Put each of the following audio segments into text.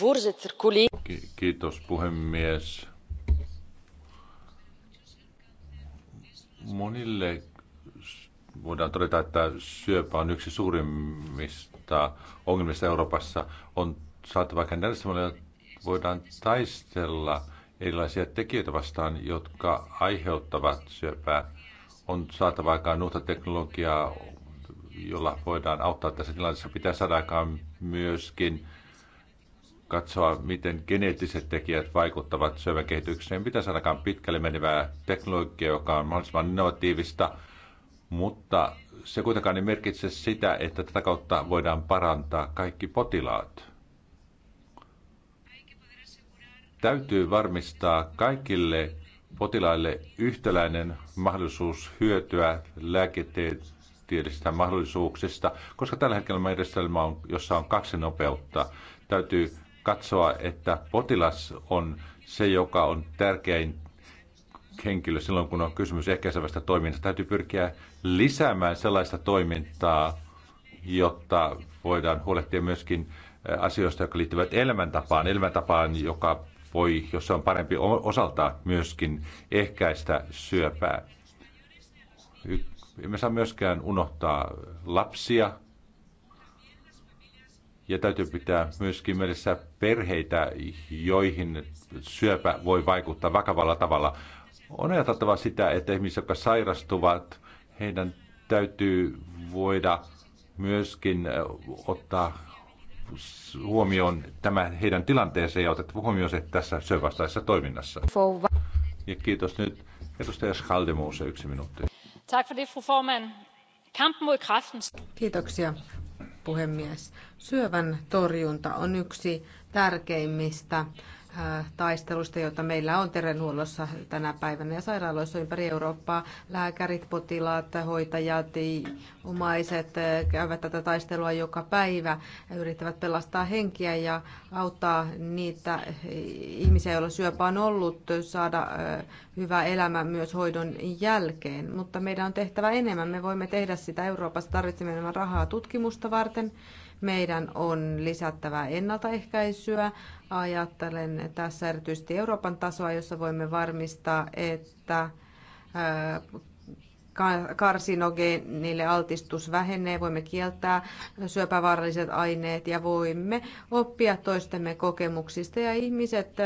voorzitter, collega's. kiitos puhemies. Monille voidaan todeta, että syöpä on yksi suurimmista ongelmista Euroopassa. On saatava käännellä voidaan taistella erilaisia tekijöitä vastaan, jotka aiheuttavat syöpää. On saatava aikaan uutta teknologiaa, jolla voidaan auttaa tässä tilanteessa. Pitää saada aikaan myöskin katsoa, miten geneettiset tekijät vaikuttavat syövän kehitykseen. Mitä saadaan pitkälle menevää teknologiaa, joka on mahdollisimman innovatiivista, mutta se kuitenkaan ei merkitse sitä, että tätä kautta voidaan parantaa kaikki potilaat. Täytyy varmistaa kaikille potilaille yhtäläinen mahdollisuus hyötyä lääketieteellisistä mahdollisuuksista, koska tällä hetkellä meidän järjestelmä on, jossa on kaksi nopeutta. Täytyy katsoa, että potilas on se, joka on tärkein henkilö silloin, kun on kysymys ehkäisevästä toiminnasta. Täytyy pyrkiä lisäämään sellaista toimintaa, jotta voidaan huolehtia myöskin asioista, jotka liittyvät elämäntapaan, elämäntapaan, joka voi, jos se on parempi osalta myöskin ehkäistä syöpää. Emme saa myöskään unohtaa lapsia, ja täytyy pitää myöskin mielessä perheitä, joihin syöpä voi vaikuttaa vakavalla tavalla. On ajateltava sitä, että ihmiset, jotka sairastuvat, heidän täytyy voida myöskin ottaa huomioon tämä heidän tilanteensa ja otettava huomioon se tässä syövastaisessa toiminnassa. Ja kiitos nyt edustaja Schaldemuse yksi minuutti. Kiitoksia puhemies. Syövän torjunta on yksi tärkeimmistä Äh, taistelusta, jota meillä on terveydenhuollossa tänä päivänä ja sairaaloissa ympäri Eurooppaa. Lääkärit, potilaat, hoitajat, omaiset äh, käyvät tätä taistelua joka päivä, yrittävät pelastaa henkiä ja auttaa niitä ihmisiä, joilla syöpä on ollut, saada äh, hyvä elämä myös hoidon jälkeen. Mutta meidän on tehtävä enemmän. Me voimme tehdä sitä Euroopassa. Tarvitsemme enemmän rahaa tutkimusta varten. Meidän on lisättävä ennaltaehkäisyä, Ajattelen tässä erityisesti Euroopan tasoa, jossa voimme varmistaa, että karsinogeenille altistus vähenee, voimme kieltää syöpävaaralliset aineet ja voimme oppia toistemme kokemuksista ja ihmiset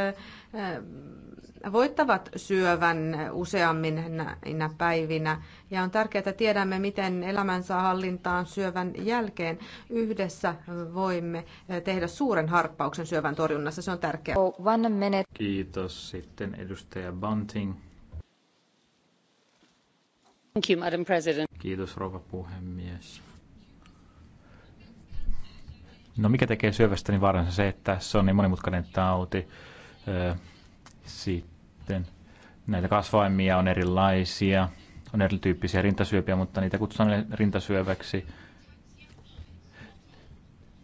voittavat syövän useammin näinä päivinä. Ja on tärkeää, että tiedämme, miten elämän saa hallintaan syövän jälkeen. Yhdessä voimme tehdä suuren harppauksen syövän torjunnassa. Se on tärkeää. Kiitos. Sitten edustaja Bunting. Thank you, Madam President. Kiitos, rouva puhemies. No mikä tekee syövästäni niin vaaransa se, että se on niin monimutkainen tauti. Siitä sitten näitä kasvaimia on erilaisia, on erityyppisiä rintasyöpiä, mutta niitä kutsutaan rintasyöväksi.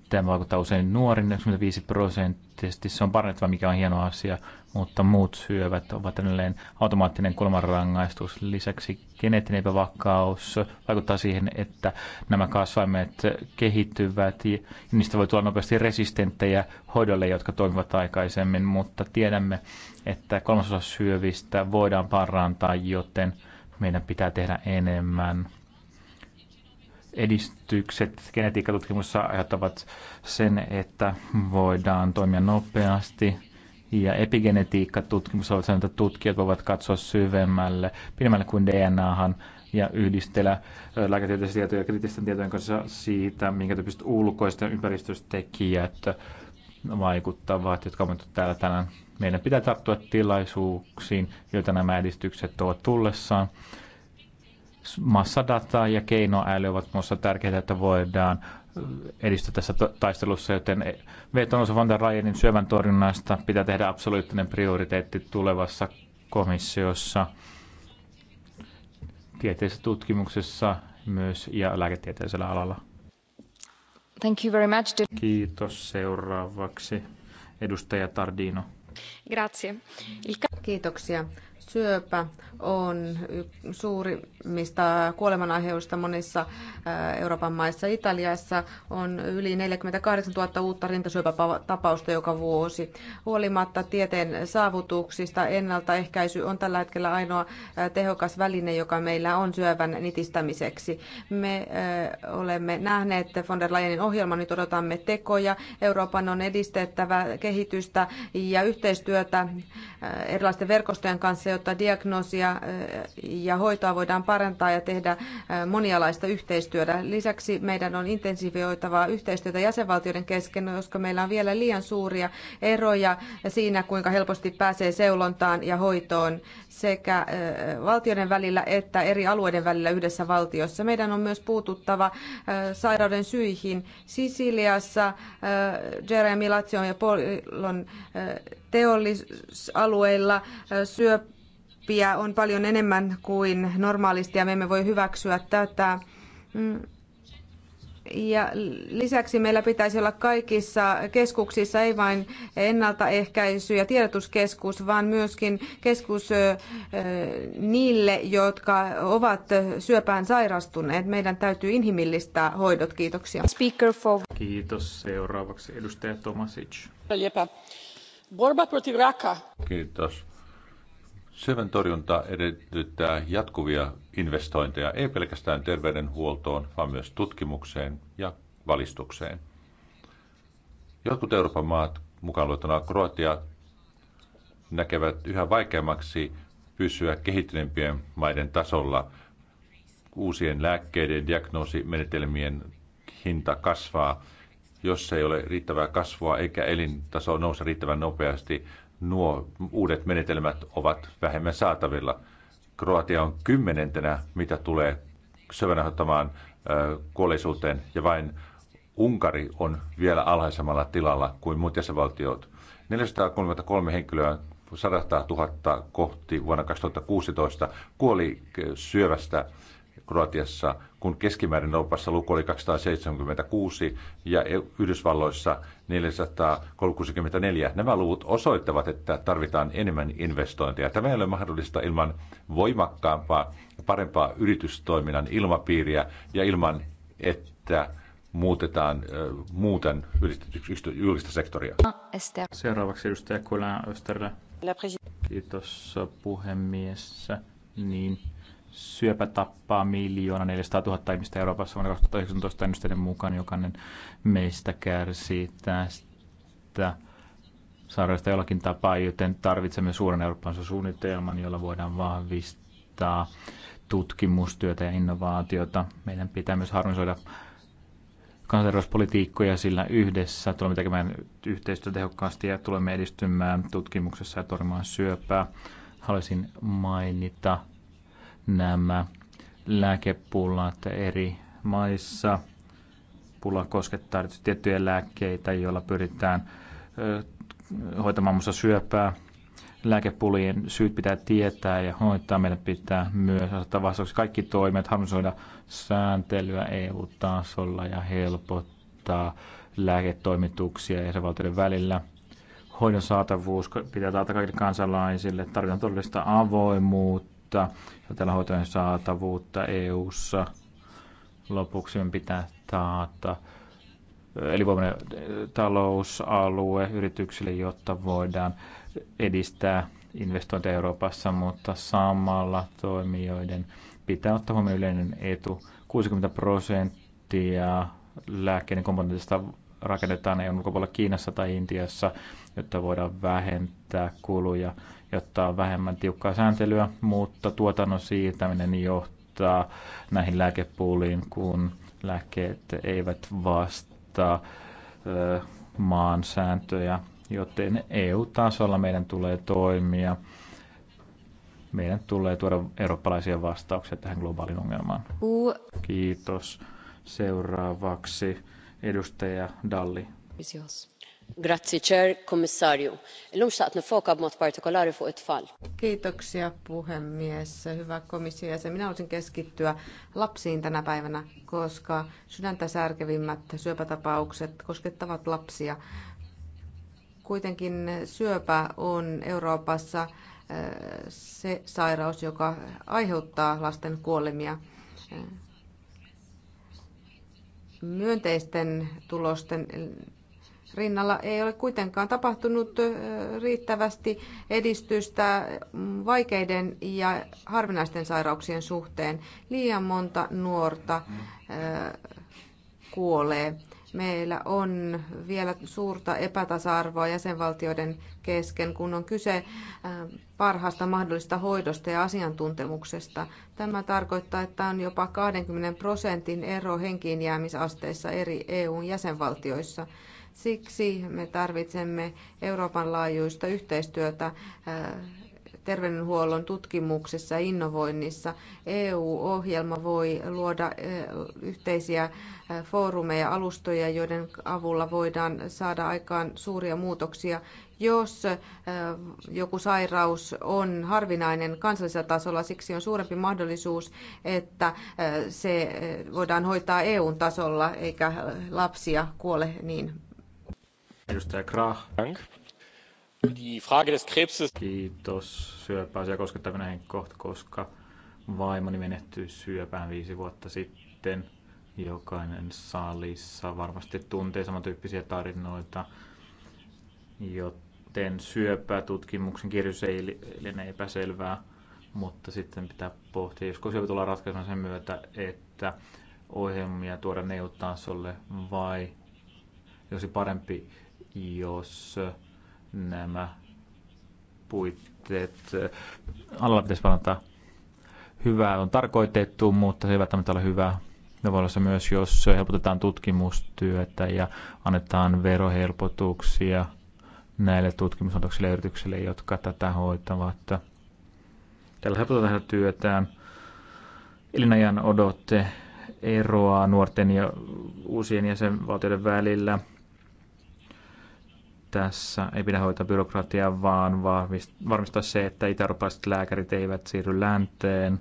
Tämä vaikuttaa usein nuorin, 95 prosenttisesti. Se on parannettava, mikä on hieno asia, mutta muut syövät ovat edelleen automaattinen kuolemanrangaistus. Lisäksi geneettinen epävakaus vaikuttaa siihen, että nämä kasvaimet kehittyvät ja niistä voi tulla nopeasti resistenttejä hoidolle, jotka toimivat aikaisemmin, mutta tiedämme, että kolmasosa syövistä voidaan parantaa, joten meidän pitää tehdä enemmän edistykset genetiikkatutkimuksessa aiheuttavat sen, että voidaan toimia nopeasti ja epigenetiikkatutkimus on sanonut, että tutkijat voivat katsoa syvemmälle, pidemmälle kuin DNAhan ja yhdistellä lääketieteellisiä tietoja ja kriittisten tietojen kanssa siitä, minkä tyyppiset ulkoiset ja ympäristöstekijät vaikuttavat, jotka ovat täällä tänään. Meidän pitää tarttua tilaisuuksiin, joita nämä edistykset ovat tullessaan. Massadata ja keinoäly ovat muassa tärkeitä, että voidaan edistä tässä taistelussa, joten vetonsa van der Rajenin syövän torjunnasta pitää tehdä absoluuttinen prioriteetti tulevassa komissiossa, tieteellisessä tutkimuksessa myös ja lääketieteellisellä alalla. Thank you very much. Kiitos. Seuraavaksi edustaja Tardino. Grazie. Kiitoksia. Syöpä on suurimmista kuolemanaiheista monissa Euroopan maissa. Italiassa on yli 48 000 uutta rintasyöpätapausta joka vuosi. Huolimatta tieteen saavutuksista, ennaltaehkäisy on tällä hetkellä ainoa tehokas väline, joka meillä on syövän nitistämiseksi. Me olemme nähneet von der Leyenin ohjelman, nyt odotamme tekoja. Euroopan on edistettävä kehitystä ja yhteistyötä erilaisten verkostojen kanssa, jotta jotta diagnoosia ja hoitoa voidaan parantaa ja tehdä monialaista yhteistyötä. Lisäksi meidän on intensifioitavaa yhteistyötä jäsenvaltioiden kesken, koska meillä on vielä liian suuria eroja siinä, kuinka helposti pääsee seulontaan ja hoitoon sekä valtioiden välillä että eri alueiden välillä yhdessä valtiossa. Meidän on myös puututtava sairauden syihin. Sisiliassa Jeremy Lazio ja Polon teollisalueilla syö. Keppiä on paljon enemmän kuin normaalisti ja me emme voi hyväksyä tätä. Mm. Ja lisäksi meillä pitäisi olla kaikissa keskuksissa ei vain ennaltaehkäisy- ja tiedotuskeskus, vaan myöskin keskus niille, jotka ovat syöpään sairastuneet. Meidän täytyy inhimillistää hoidot. Kiitoksia. Speaker for... Kiitos. Seuraavaksi edustaja Tomasic. Borba Kiitos Syövän torjunta edellyttää jatkuvia investointeja ei pelkästään terveydenhuoltoon, vaan myös tutkimukseen ja valistukseen. Jotkut Euroopan maat, mukaan luettuna Kroatia, näkevät yhä vaikeammaksi pysyä kehittyneempien maiden tasolla. Uusien lääkkeiden diagnoosimenetelmien hinta kasvaa, jos ei ole riittävää kasvua eikä elintaso nouse riittävän nopeasti nuo uudet menetelmät ovat vähemmän saatavilla. Kroatia on kymmenentenä, mitä tulee syvänähoittamaan kuolleisuuteen, ja vain Unkari on vielä alhaisemmalla tilalla kuin muut jäsenvaltiot. 433 henkilöä 100 000 kohti vuonna 2016 kuoli syövästä Kroatiassa, kun keskimäärin Euroopassa luku oli 276 ja e- Yhdysvalloissa 464. Nämä luvut osoittavat, että tarvitaan enemmän investointeja. Tämä ei ole mahdollista ilman voimakkaampaa, parempaa yritystoiminnan ilmapiiriä ja ilman, että muutetaan äh, muuten julkista sektoria. Seuraavaksi edustaja Kulän Österle. Kiitos puhemies. Niin, Syöpä tappaa miljoona 400 000 ihmistä Euroopassa vuonna 2019 ennusteiden mukaan. Jokainen meistä kärsii tästä sairaudesta jollakin tapaa, joten tarvitsemme suuren Euroopan suunnitelman, jolla voidaan vahvistaa tutkimustyötä ja innovaatiota. Meidän pitää myös harmonisoida kansanterveyspolitiikkoja, sillä yhdessä tulemme tekemään yhteistyötä tehokkaasti ja tulemme edistymään tutkimuksessa ja torjumaan syöpää. Haluaisin mainita nämä lääkepullat eri maissa. Pulla koskettaa tiettyjä lääkkeitä, joilla pyritään hoitamaan muassa syöpää. Lääkepulien syyt pitää tietää ja hoitaa. Meidän pitää myös asettaa vastauksia kaikki toimet, harmonisoida sääntelyä EU-tasolla ja helpottaa lääketoimituksia jäsenvaltioiden välillä. Hoidon saatavuus pitää taata kaikille kansalaisille. Tarvitaan todellista avoimuutta saatavuutta, hoitojen saatavuutta EU-ssa. Lopuksi pitää taata elinvoimainen talousalue yrityksille, jotta voidaan edistää investointeja Euroopassa, mutta samalla toimijoiden pitää ottaa huomioon yleinen etu. 60 prosenttia lääkkeiden komponentista rakennetaan EUn ulkopuolella Kiinassa tai Intiassa, jotta voidaan vähentää kuluja, jotta on vähemmän tiukkaa sääntelyä, mutta tuotannon siirtäminen johtaa näihin lääkepuuliin, kun lääkkeet eivät vastaa ö, maan sääntöjä, joten EU-tasolla meidän tulee toimia. Meidän tulee tuoda eurooppalaisia vastauksia tähän globaaliin ongelmaan. Kiitos. Seuraavaksi edustaja Dalli illum xtaqt nifoka b'mod partikolari fuq it-tfal. Kiitoksia puhemies. Hyvä komission jäsen. Minä haluaisin keskittyä lapsiin tänä päivänä, koska sydäntä särkevimmät syöpätapaukset koskettavat lapsia. Kuitenkin syöpä on Euroopassa eh, se sairaus, joka aiheuttaa lasten kuolemia eh, myönteisten tulosten rinnalla ei ole kuitenkaan tapahtunut riittävästi edistystä vaikeiden ja harvinaisten sairauksien suhteen. Liian monta nuorta kuolee. Meillä on vielä suurta epätasa-arvoa jäsenvaltioiden kesken, kun on kyse parhaasta mahdollisesta hoidosta ja asiantuntemuksesta. Tämä tarkoittaa, että on jopa 20 prosentin ero henkiinjäämisasteissa eri EUn jäsenvaltioissa. Siksi me tarvitsemme Euroopan laajuista yhteistyötä äh, terveydenhuollon tutkimuksessa ja innovoinnissa. EU-ohjelma voi luoda äh, yhteisiä äh, foorumeja, alustoja, joiden avulla voidaan saada aikaan suuria muutoksia. Jos joku sairaus on harvinainen kansallisella tasolla, siksi on suurempi mahdollisuus, että se voidaan hoitaa EU-tasolla eikä lapsia kuole niin Edustaja Krah. Dank. Die Frage des Krebses. Kiitos. Syöpäasia koskettavina minä henkkohta, koska vaimoni menehtyi syöpään viisi vuotta sitten. Jokainen salissa varmasti tuntee samantyyppisiä tarinoita, joten syöpätutkimuksen kirjoitus ei liene epäselvää, mutta sitten pitää pohtia, josko syöpä tullaan ratkaisemaan sen myötä, että ohjelmia tuoda neuvotasolle vai jos parempi jos nämä puitteet äh, alalla pitäisi parantaa. Hyvää on tarkoitettu, mutta se ei välttämättä ole hyvää. Ne voi olla myös, jos helpotetaan tutkimustyötä ja annetaan verohelpotuksia näille tutkimusantoksille ja yrityksille, jotka tätä hoitavat. Tällä helpotetaan heidän työtään. Elinajan odotte eroaa nuorten ja uusien jäsenvaltioiden välillä – tässä ei pidä hoitaa byrokratiaa, vaan varmistaa se, että itä lääkärit eivät siirry länteen.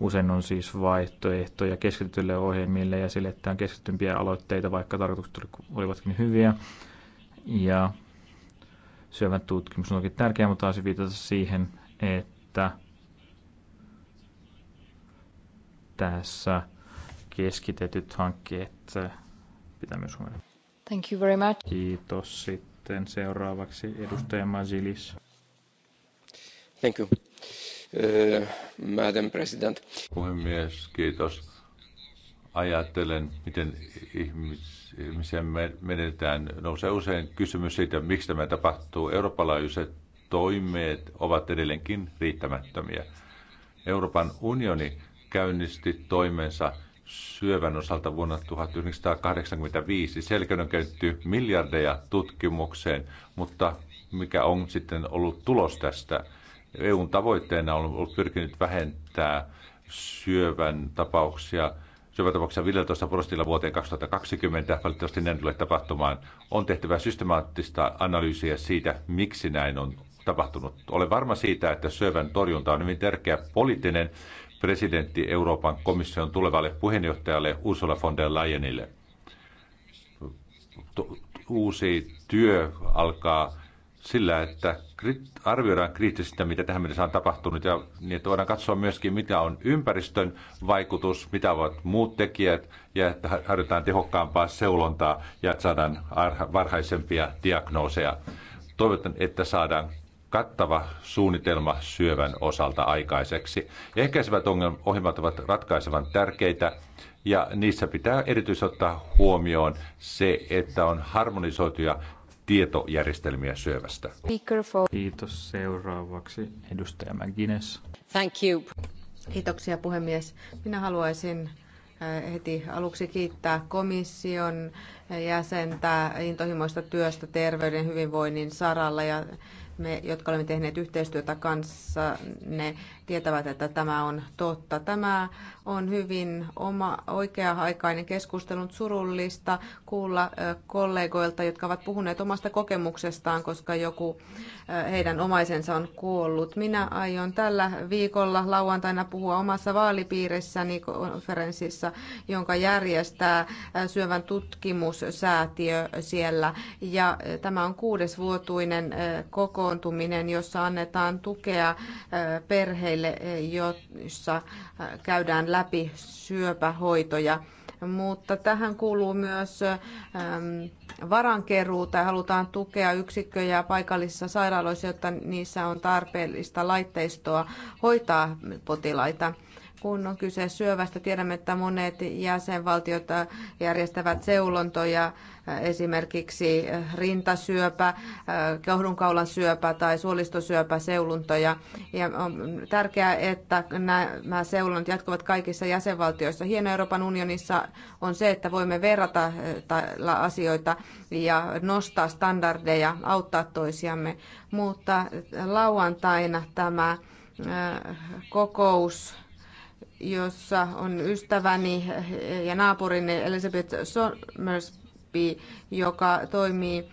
Usein on siis vaihtoehtoja keskitytylle ohjelmille ja sille, että on keskitympiä aloitteita, vaikka tarkoitukset olivatkin hyviä. Ja syövän tutkimus on toki tärkeää, mutta taisi viitata siihen, että tässä keskitetyt hankkeet äh, pitää myös huomioida. Thank you very much. Kiitos sitten sitten seuraavaksi edustaja Mazilis. Thank you. Uh, Madam President. Puhemies, kiitos. Ajattelen, miten ihmisiä menetään. Nousee usein kysymys siitä, miksi tämä tapahtuu. Eurooppalaiset toimeet ovat edelleenkin riittämättömiä. Euroopan unioni käynnisti toimensa – syövän osalta vuonna 1985. Selkeän on käytetty miljardeja tutkimukseen, mutta mikä on sitten ollut tulos tästä? EUn tavoitteena on ollut pyrkinyt vähentää syövän tapauksia syöpätapauksia 15 prosentilla vuoteen 2020. Valitettavasti näin tulee tapahtumaan. On tehtävä systemaattista analyysiä siitä, miksi näin on tapahtunut. Olen varma siitä, että syövän torjunta on hyvin tärkeä poliittinen presidentti Euroopan komission tulevalle puheenjohtajalle Ursula von der Leyenille. Uusi työ alkaa sillä, että arvioidaan kriittisesti mitä tähän mennessä on tapahtunut, ja niin, että voidaan katsoa myöskin, mitä on ympäristön vaikutus, mitä ovat muut tekijät, ja että harjoitetaan tehokkaampaa seulontaa ja että saadaan varhaisempia diagnooseja. Toivotan, että saadaan kattava suunnitelma syövän osalta aikaiseksi. Ehkäisevät ohjelmat ovat ratkaisevan tärkeitä ja niissä pitää erityisesti ottaa huomioon se, että on harmonisoituja tietojärjestelmiä syövästä. Kiitos. Seuraavaksi edustaja McGuinness. Thank you. Kiitoksia puhemies. Minä haluaisin eh, heti aluksi kiittää komission jäsentä intohimoista työstä terveyden hyvinvoinnin saralla ja me, jotka olemme tehneet yhteistyötä kanssa ne tietävät, että tämä on totta. Tämä on hyvin oma oikea-aikainen keskustelu, surullista kuulla kollegoilta, jotka ovat puhuneet omasta kokemuksestaan, koska joku heidän omaisensa on kuollut. Minä aion tällä viikolla lauantaina puhua omassa vaalipiirissäni konferenssissa, jonka järjestää syövän tutkimussäätiö siellä. Ja tämä on kuudesvuotuinen kokoontuminen, jossa annetaan tukea perheille paneeleille, joissa käydään läpi syöpähoitoja. Mutta tähän kuuluu myös ähm, tai Halutaan tukea yksikköjä paikallisissa sairaaloissa, jotta niissä on tarpeellista laitteistoa hoitaa potilaita kun on kyse syövästä. Tiedämme, että monet jäsenvaltiot järjestävät seulontoja, äh, esimerkiksi äh, rintasyöpä, äh, kohdunkaulan syöpä tai suolistosyöpä seulontoja. Ja on tärkeää, että nämä seulonnat jatkuvat kaikissa jäsenvaltioissa. Hieno Euroopan unionissa on se, että voimme verrata asioita ja nostaa standardeja, auttaa toisiamme. Mutta lauantaina tämä kokous jossa on ystäväni ja naapurini Elizabeth Somersby, joka toimii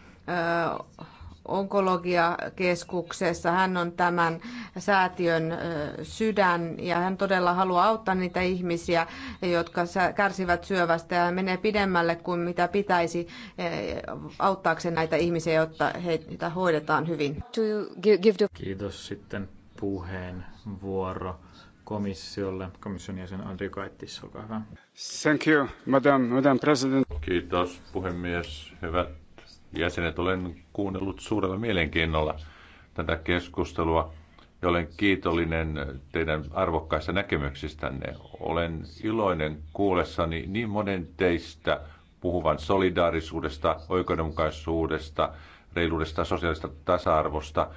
onkologiakeskuksessa. Hän on tämän säätiön sydän ja hän todella haluaa auttaa niitä ihmisiä, jotka kärsivät syövästä ja menee pidemmälle kuin mitä pitäisi auttaakseen näitä ihmisiä, jotta heitä hoidetaan hyvin. Kiitos sitten puheenvuoro komissiolle. Komission jäsen Andri Kaittis, olkaa hyvä. Thank you, Madam, Madam President. Kiitos, puhemies. Hyvät jäsenet, olen kuunnellut suurella mielenkiinnolla tätä keskustelua ja olen kiitollinen teidän arvokkaista näkemyksistänne. Olen iloinen kuulessani niin monen teistä puhuvan solidaarisuudesta, oikeudenmukaisuudesta, reiluudesta, sosiaalista tasa-arvosta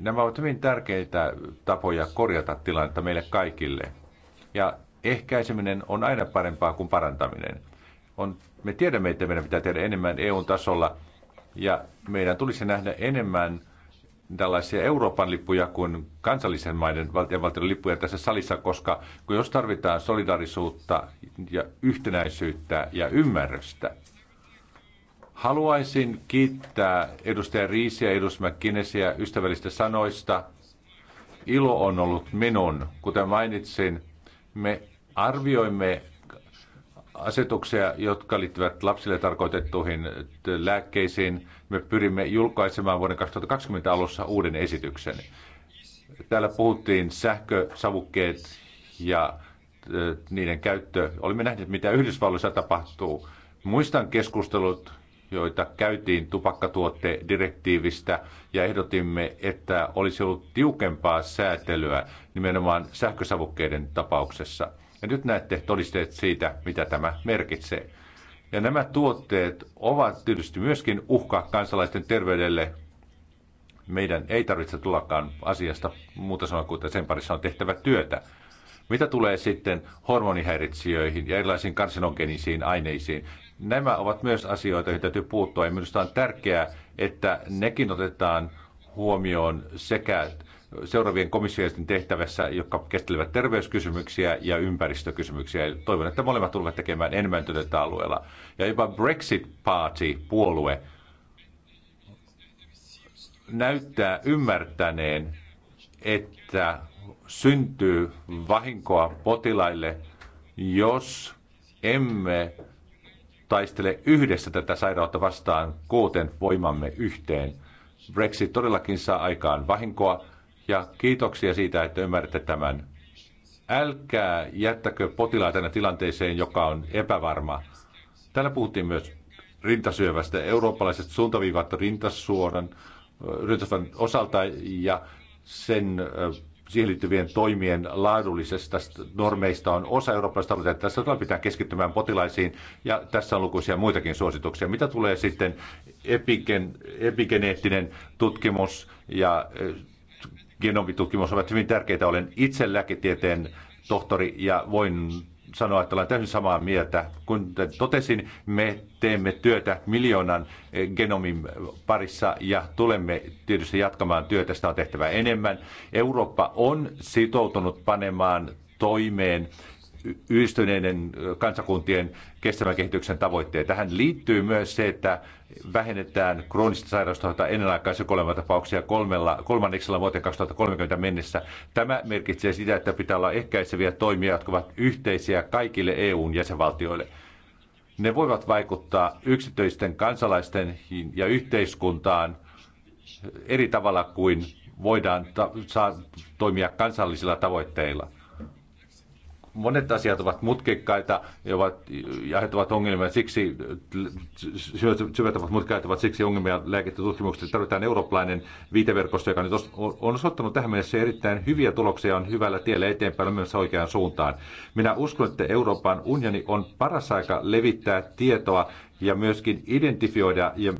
Nämä ovat hyvin tärkeitä tapoja korjata tilannetta meille kaikille. Ja ehkäiseminen on aina parempaa kuin parantaminen. On, me tiedämme, että meidän pitää tehdä enemmän EU-tasolla ja meidän tulisi nähdä enemmän tällaisia Euroopan lippuja kuin kansallisen maiden valtionvaltion lippuja tässä salissa, koska kun jos tarvitaan solidarisuutta ja yhtenäisyyttä ja ymmärrystä, Haluaisin kiittää edustaja Riisiä ja edustaja McKinneysiä ystävällistä sanoista. Ilo on ollut minun. Kuten mainitsin, me arvioimme asetuksia, jotka liittyvät lapsille tarkoitettuihin lääkkeisiin. Me pyrimme julkaisemaan vuoden 2020 alussa uuden esityksen. Täällä puhuttiin sähkösavukkeet ja niiden käyttö. Olimme nähneet, mitä Yhdysvalloissa tapahtuu. Muistan keskustelut, joita käytiin tupakkatuotedirektiivistä ja ehdotimme, että olisi ollut tiukempaa säätelyä nimenomaan sähkösavukkeiden tapauksessa. Ja nyt näette todisteet siitä, mitä tämä merkitsee. Ja nämä tuotteet ovat tietysti myöskin uhka kansalaisten terveydelle. Meidän ei tarvitse tullakaan asiasta muuta sanoa kuin, että sen parissa on tehtävä työtä. Mitä tulee sitten hormonihäiritsijöihin ja erilaisiin karsinogenisiin aineisiin, Nämä ovat myös asioita, joihin täytyy puuttua. Ja minusta on tärkeää, että nekin otetaan huomioon sekä seuraavien komissioiden tehtävässä, jotka käsittelevät terveyskysymyksiä ja ympäristökysymyksiä. Eli toivon, että molemmat tulevat tekemään enemmän työtä alueella. Ja jopa Brexit Party puolue näyttää ymmärtäneen, että syntyy vahinkoa potilaille, jos emme taistele yhdessä tätä sairautta vastaan, kooten voimamme yhteen. Brexit todellakin saa aikaan vahinkoa ja kiitoksia siitä, että ymmärrätte tämän. Älkää jättäkö potilaita tilanteeseen, joka on epävarma. Täällä puhuttiin myös rintasyövästä. Eurooppalaiset suuntaviivat rintasuoran, rintasuoran osalta ja sen siihen liittyvien toimien laadullisesta normeista on osa eurooppalaista että Tässä todella pitää keskittymään potilaisiin ja tässä on lukuisia muitakin suosituksia. Mitä tulee sitten epigen, epigeneettinen tutkimus ja eh, genomitutkimus ovat hyvin tärkeitä. Olen itse lääketieteen tohtori ja voin sanoa, että olen täysin samaa mieltä. Kun totesin, me teemme työtä miljoonan eh, genomin parissa ja tulemme tietysti jatkamaan työtä, sitä on tehtävä enemmän. Eurooppa on sitoutunut panemaan toimeen yhdistyneiden eh, kansakuntien kestävän kehityksen tavoitteet. Tähän liittyy myös se, että vähennetään kroonista sairaustaa ennenaikaisia kuolemantapauksia kolmella, kolmanneksella vuoteen 2030 mennessä. Tämä merkitsee sitä, että pitää olla ehkäiseviä toimia, jotka ovat yhteisiä kaikille EUn jäsenvaltioille. Ne voivat vaikuttaa yksityisten kansalaisten ja yhteiskuntaan eri tavalla kuin voidaan ta- saa toimia kansallisilla tavoitteilla monet asiat ovat mutkikkaita ja, ovat, aiheuttavat ongelmia, siksi syötävät mutkikkaita ovat siksi ongelmia tutkimuksessa. Tarvitaan eurooppalainen viiteverkosto, joka nyt on osoittanut tähän mennessä erittäin hyviä tuloksia on hyvällä tiellä eteenpäin on myös oikeaan suuntaan. Minä uskon, että Euroopan unioni on paras aika levittää tietoa ja myöskin identifioida ja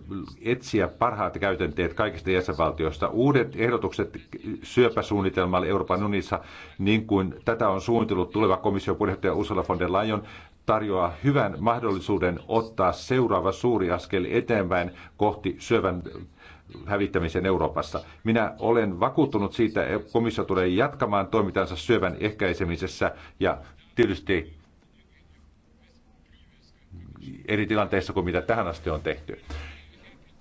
etsiä parhaat käytänteet kaikista jäsenvaltioista. Uudet ehdotukset syöpäsuunnitelmalle Euroopan unionissa niin kuin tätä on suunnitellut tuleva komission puheenjohtaja Ursula von der Leyen, tarjoaa hyvän mahdollisuuden ottaa seuraava suuri askel eteenpäin kohti syövän hävittämisen Euroopassa. Minä olen vakuuttunut siitä, että komissio tulee jatkamaan toimintansa syövän ehkäisemisessä ja tietysti eri tilanteissa kuin mitä tähän asti on tehty.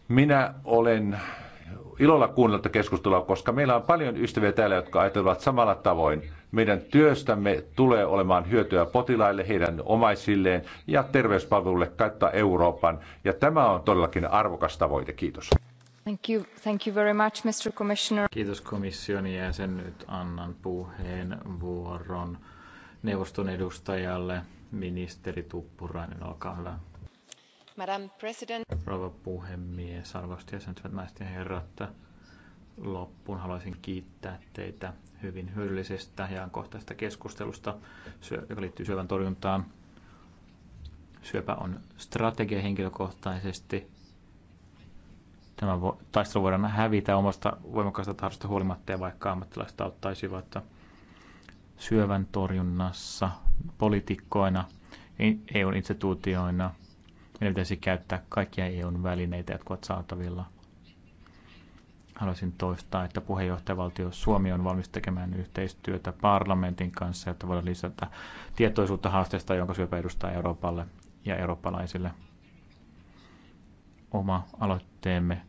Minä olen ilolla kuunnellut keskustelua, koska meillä on paljon ystäviä täällä, jotka ajattelevat samalla tavoin. Meidän työstämme tulee olemaan hyötyä potilaille, heidän omaisilleen ja terveyspalveluille kautta Euroopan. Ja tämä on todellakin arvokas tavoite. Kiitos. Thank you. Thank you very much, Mr. Commissioner. Kiitos komission jäsen. Nyt annan puheenvuoron neuvoston edustajalle. Ministeri Tuppurainen, olkaa hyvä. Madam Rouva puhemies, arvoisat jäsenet, naiset ja herrat. Loppuun haluaisin kiittää teitä hyvin hyödyllisestä ja ajankohtaisesta keskustelusta, joka liittyy syövän torjuntaan. Syöpä on strategia henkilökohtaisesti. Tämä vo- taistelu voidaan hävitä omasta voimakkaasta tahdosta huolimatta ja vaikka ammattilaiset auttaisivat syövän torjunnassa poliitikkoina, EUn e instituutioina – meidän pitäisi käyttää kaikkia EUn välineitä, jotka ovat saatavilla. Haluaisin toistaa, että puheenjohtajavaltio Suomi on valmis tekemään yhteistyötä parlamentin kanssa, jotta voidaan lisätä tietoisuutta haasteesta, jonka syöpä edustaa Euroopalle ja eurooppalaisille. Oma aloitteemme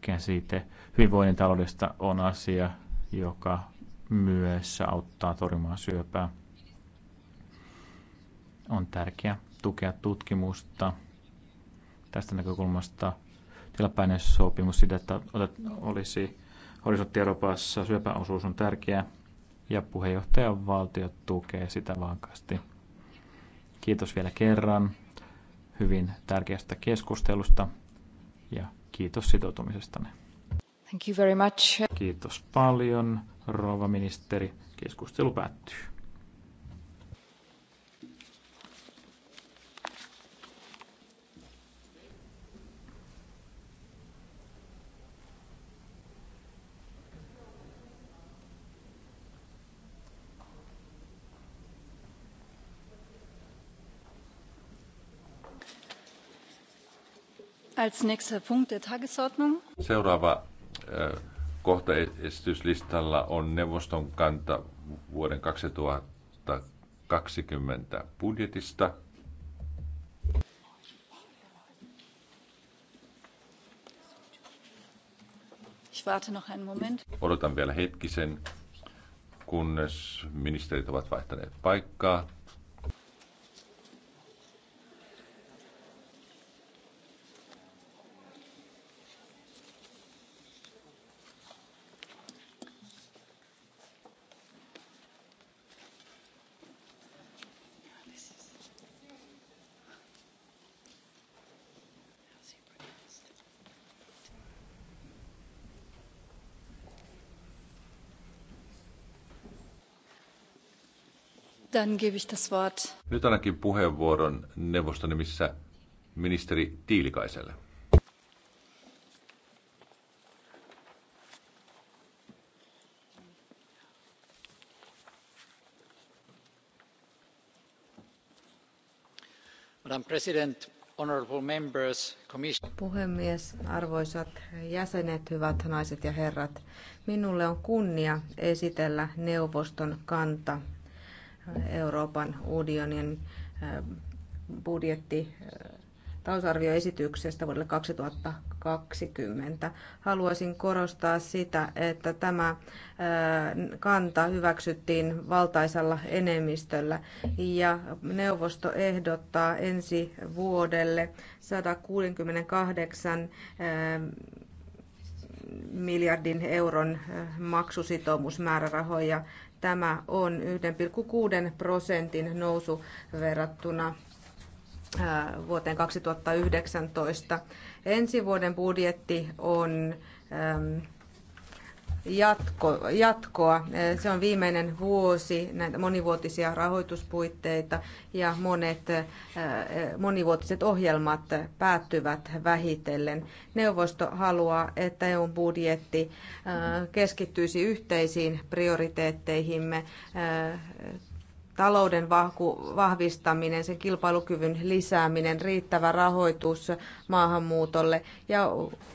käsite hyvinvoinnin taloudesta on asia, joka myös auttaa torjumaan syöpää. On tärkeää tukea tutkimusta tästä näkökulmasta tilapäinen sopimus siitä, että otet, olisi horisontti Euroopassa syöpäosuus on tärkeä ja puheenjohtajan valtio tukee sitä vankasti. Kiitos vielä kerran hyvin tärkeästä keskustelusta ja kiitos sitoutumisestanne. Thank you very much. Kiitos paljon, rouva ministeri. Keskustelu päättyy. Seuraava äh, kohta esityslistalla on neuvoston kanta vuoden 2020 budjetista. Odotan vielä hetkisen, kunnes ministerit ovat vaihtaneet paikkaa. Dann gebe ich das Wort. Nyt ainakin puheenvuoron neuvoston nimissä ministeri Tiilikaiselle. Madam President, honorable members, commission. Puhemies, arvoisat jäsenet, hyvät naiset ja herrat. Minulle on kunnia esitellä neuvoston kanta Euroopan unionin budjetti talousarvioesityksestä vuodelle 2020. Haluaisin korostaa sitä, että tämä kanta hyväksyttiin valtaisalla enemmistöllä ja neuvosto ehdottaa ensi vuodelle 168 miljardin euron maksusitoumusmäärärahoja Tämä on 1,6 prosentin nousu verrattuna vuoteen 2019. Ensi vuoden budjetti on jatko, jatkoa. Se on viimeinen vuosi näitä monivuotisia rahoituspuitteita ja monet monivuotiset ohjelmat päättyvät vähitellen. Neuvosto haluaa, että EUn budjetti keskittyisi yhteisiin prioriteetteihimme talouden vahvistaminen, sen kilpailukyvyn lisääminen, riittävä rahoitus maahanmuutolle ja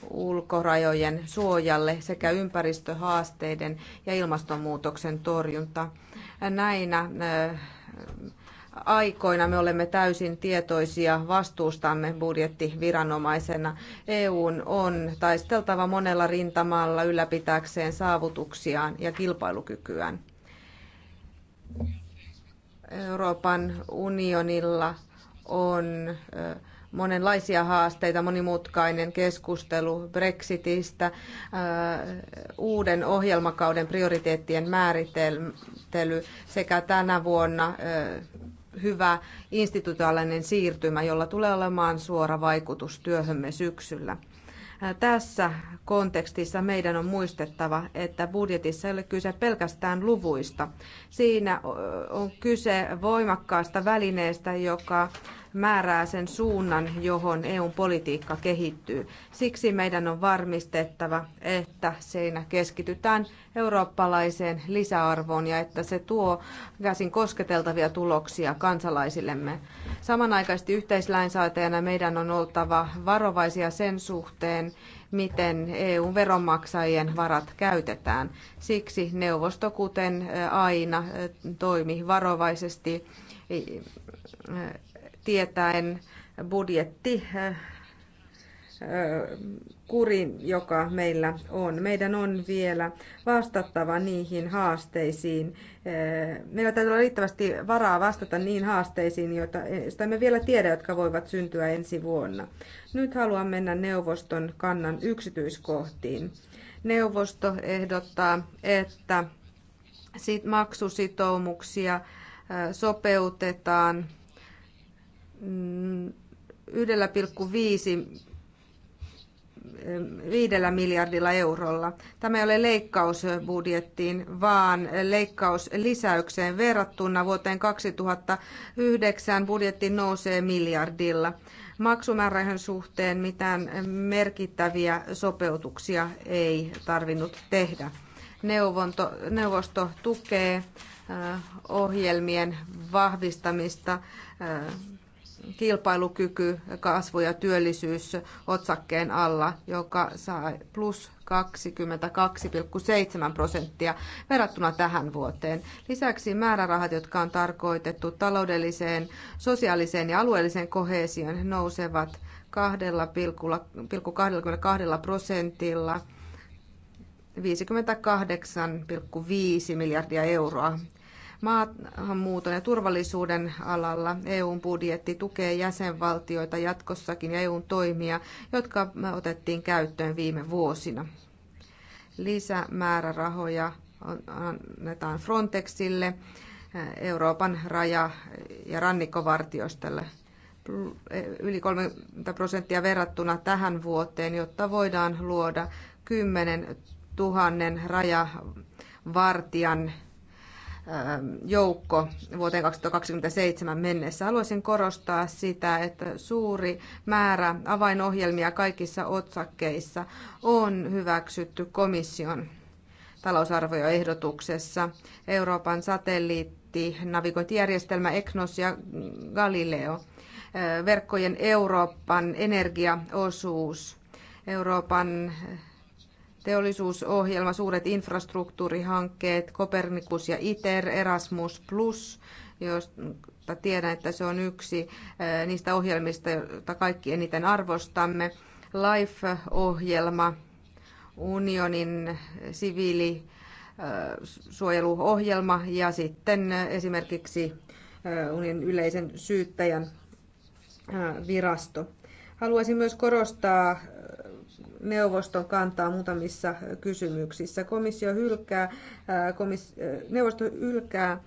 ulkorajojen suojalle sekä ympäristöhaasteiden ja ilmastonmuutoksen torjunta. Näinä äh, aikoina me olemme täysin tietoisia vastuustamme budjettiviranomaisena. EUn on taisteltava monella rintamalla ylläpitäkseen saavutuksiaan ja kilpailukykyään. Euroopan unionilla on monenlaisia haasteita, monimutkainen keskustelu Brexitistä, uuden ohjelmakauden prioriteettien määrittely sekä tänä vuonna hyvä institutionaalinen siirtymä, jolla tulee olemaan suora vaikutus työhömme syksyllä. Tässä kontekstissa meidän on muistettava, että budjetissa ei ole kyse pelkästään luvuista. Siinä on kyse voimakkaasta välineestä, joka määrää sen suunnan, johon EUn politiikka kehittyy. Siksi meidän on varmistettava, että siinä keskitytään eurooppalaiseen lisäarvoon ja että se tuo käsin kosketeltavia tuloksia kansalaisillemme. Samanaikaisesti yhteislainsäätäjänä meidän on oltava varovaisia sen suhteen, miten EUn veronmaksajien varat käytetään. Siksi neuvosto, kuten aina, toimi varovaisesti tietäen budjetti äh, äh, kurin, joka meillä on. Meidän on vielä vastattava niihin haasteisiin. Äh, meillä täytyy olla riittävästi varaa vastata niin haasteisiin, joita sitä me vielä tiedä, jotka voivat syntyä ensi vuonna. Nyt haluan mennä neuvoston kannan yksityiskohtiin. Neuvosto ehdottaa, että maksusitoumuksia sopeutetaan – 1,5 viidellä miljardilla eurolla. Tämä ei ole leikkaus budjettiin, vaan leikkaus lisäykseen verrattuna vuoteen 2009 budjetti nousee miljardilla. Maksumäärähän suhteen mitään merkittäviä sopeutuksia ei tarvinnut tehdä. Neuvonto, neuvosto tukee ohjelmien vahvistamista kilpailukyky, kasvu ja työllisyys otsakkeen alla, joka saa plus 22,7 prosenttia verrattuna tähän vuoteen. Lisäksi määrärahat, jotka on tarkoitettu taloudelliseen, sosiaaliseen ja alueelliseen kohesioon, nousevat 2,22 prosentilla 58,5 miljardia euroa Maahanmuuton ja turvallisuuden alalla EUn budjetti tukee jäsenvaltioita jatkossakin ja EUn toimia, jotka otettiin käyttöön viime vuosina. Lisämäärärahoja annetaan Frontexille, Euroopan raja- ja rannikkovartiostolle yli 30 prosenttia verrattuna tähän vuoteen, jotta voidaan luoda 10 000 rajavartijan Äh, joukko vuoteen 2027 mennessä. Haluaisin korostaa sitä, että suuri määrä avainohjelmia kaikissa otsakkeissa on hyväksytty komission talousarvioehdotuksessa. Euroopan satelliitti, navigointijärjestelmä EGNOS ja Galileo, äh, verkkojen Euroopan energiaosuus, Euroopan teollisuusohjelma, suuret infrastruktuurihankkeet, Kopernikus ja ITER, Erasmus Plus, josta tiedän, että se on yksi eh, niistä ohjelmista, joita kaikki eniten arvostamme. LIFE-ohjelma, unionin siviili eh, suojeluohjelma ja sitten esimerkiksi eh, unionin yleisen syyttäjän virasto. Haluaisin myös korostaa neuvoston kantaa muutamissa kysymyksissä. Komissio hylkää, komis, neuvosto hylkää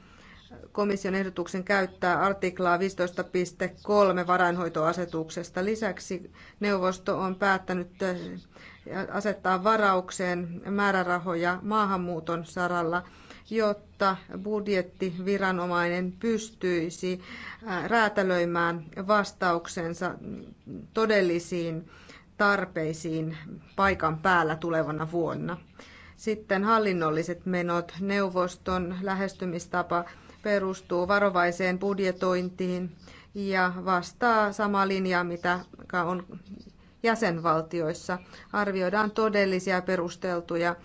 komission ehdotuksen käyttää artiklaa 15.3 varainhoitoasetuksesta. Lisäksi neuvosto on päättänyt asettaa varaukseen määrärahoja maahanmuuton saralla, jotta budjettiviranomainen pystyisi räätälöimään vastauksensa todellisiin tarpeisiin paikan päällä tulevana vuonna. Sitten hallinnolliset menot, neuvoston lähestymistapa perustuu varovaiseen budjetointiin ja vastaa samaa linjaa, mitä on jäsenvaltioissa. Arvioidaan todellisia perusteltuja